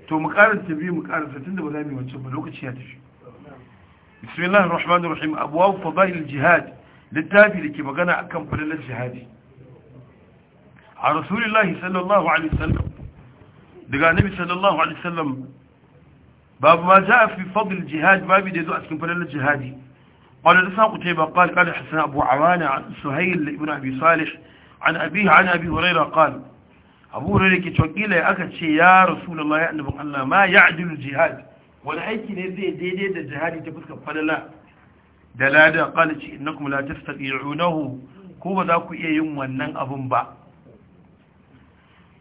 to mu karanta biyu mu karanta tunda ba za mu wancan ba lokaci ya tafi bismillahir rahmanir rahim abwaab fadail jihad littafi dake magana akan fadalar jihadi a rasulullahi sallallahu alaihi wasallam daga nabi sallallahu alaihi wasallam babu ma a fi fadl jihad babu da zo a cikin fadalar jihadi qala da yi tayba qala qala hasan abu a an suhayl ibn abi salih an abi an abi hurayra qala abu hurayra ke cewa aka ce ya rasulullahi annabi Allah ma ya ya'dilu jihad wani aiki ne zai daidai da jihadi ta fuska fadala da lada qala ce innakum la tastati'unahu ko ba za ku iya yin wannan abun ba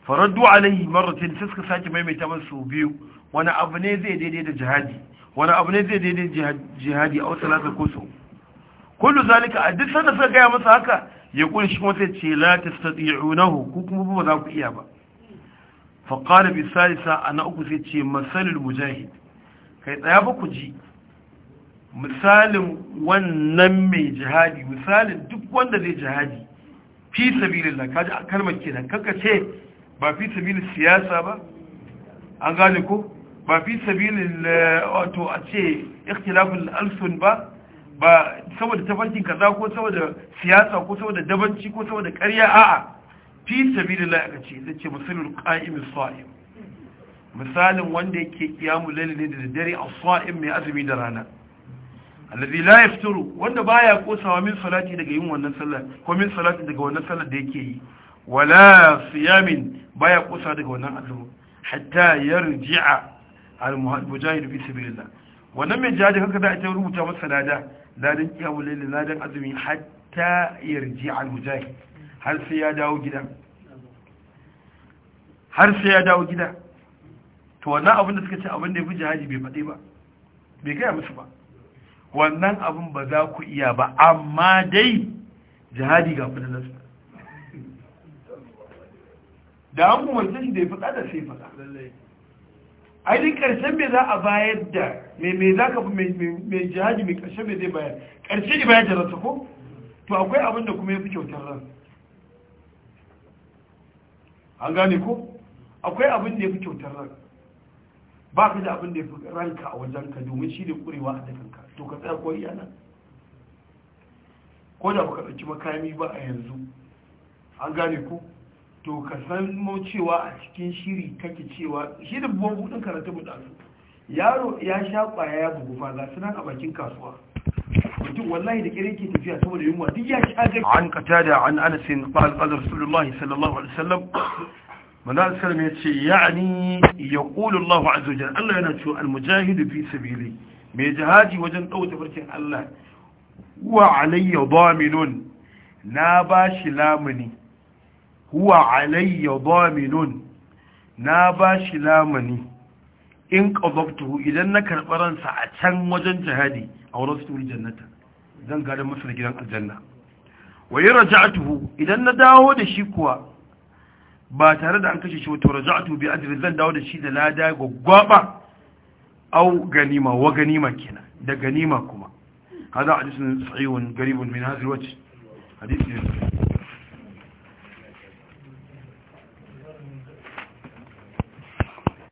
faraddu alaihi marratin sai suka sake maimaita masu biyu wani abu ne zai daidai da jihadi wani abu ne zai daidai jihadi a wata ko so kullu zalika a duk sanda suka gaya masa haka ya kuli shi kuma sai ce la tastati'unahu ku kuma ba za ku iya ba fa qala bi salisa ana uku sai ce masalul mujahid kai tsaya ba ku ji misalin wannan mai jihadi misalin duk wanda zai jihadi fi sabilillah kaji kalmar kenan kanka ce ba fi sabilin siyasa ba an gane ko ba fi sabilin eh, wato a ce ikhtilafin alsun ba ba saboda tafarkin kaza ko saboda siyasa ko saboda dabanci ko saboda ƙarya a'a fi sabilillah aka ce zai ce misalul qa'imis sa'im misalin wanda yake kiyamu layl ne da dare a saim mai azumi da rana alladhi la yafturu wanda baya kosawa min salati daga yin wannan sallah ko min salati daga wannan sallah da yake yi wala siyamin baya kusa daga wannan azumi hatta yarji'a al-mujahid fi sabilillah wannan mai jihadi haka da ake rubuta masa lada ladan kiyamul layl ladan azumi hatta yarji'a al-mujahid har sai ya dawo gida har sai ya dawo gida to wannan abin da suka ce abin da ya fi jihadi bai faɗi ba bai gaya musu ba wannan abin ba za ku iya ba amma dai jihadi ga fadalarsa da an umarci shi da ya faɗa da sai faɗa ainihin ƙarshen mai za a bayar da mai mai za ka fi mai jihadi mai ƙarshen mai zai bayar Ƙarshen ne bayar da rasa ko to akwai abin da kuma ya fi kyautar ran an gane ko akwai abin da ya fi kyautar ran ba ka da abin da ya fi ranka a wajen ka domin shi ne ƙurewa a dakanka to ka tsaya ko iya nan ko da ka ɗauki makami ba a yanzu an gane ko to ka san mu cewa a cikin shiri kake cewa shi da buwan din karatu mu dazu yaro ya sha kwaya ya bugu fa ga sunan a bakin kasuwa mutum wallahi da kire ke tafiya saboda yunwa duk ya sha ga an qatada an anas qala qala rasulullah sallallahu alaihi sallam. manal sallam ya ya'ni ya allah azza wajalla allah yana cewa al mujahidu fi sabili mai jihadi wajen dauke barkin allah wa alayya daminun na ba shi lamuni huwa alayya dhaminun na bashi lamani in qadabtuhu idan na karɓi a can wajen jihadi a wurin sutul jannata zan gada masa da gidan aljanna wa yarja'tuhu idan na dawo da shi kuwa ba tare da an kashe shi wato raja'tu bi ajri zan dawo da shi da lada gwaggwaba au ganima wa ganima kenan da ganima kuma hada hadisin sahihun garibun min hadhihi wajh hadisi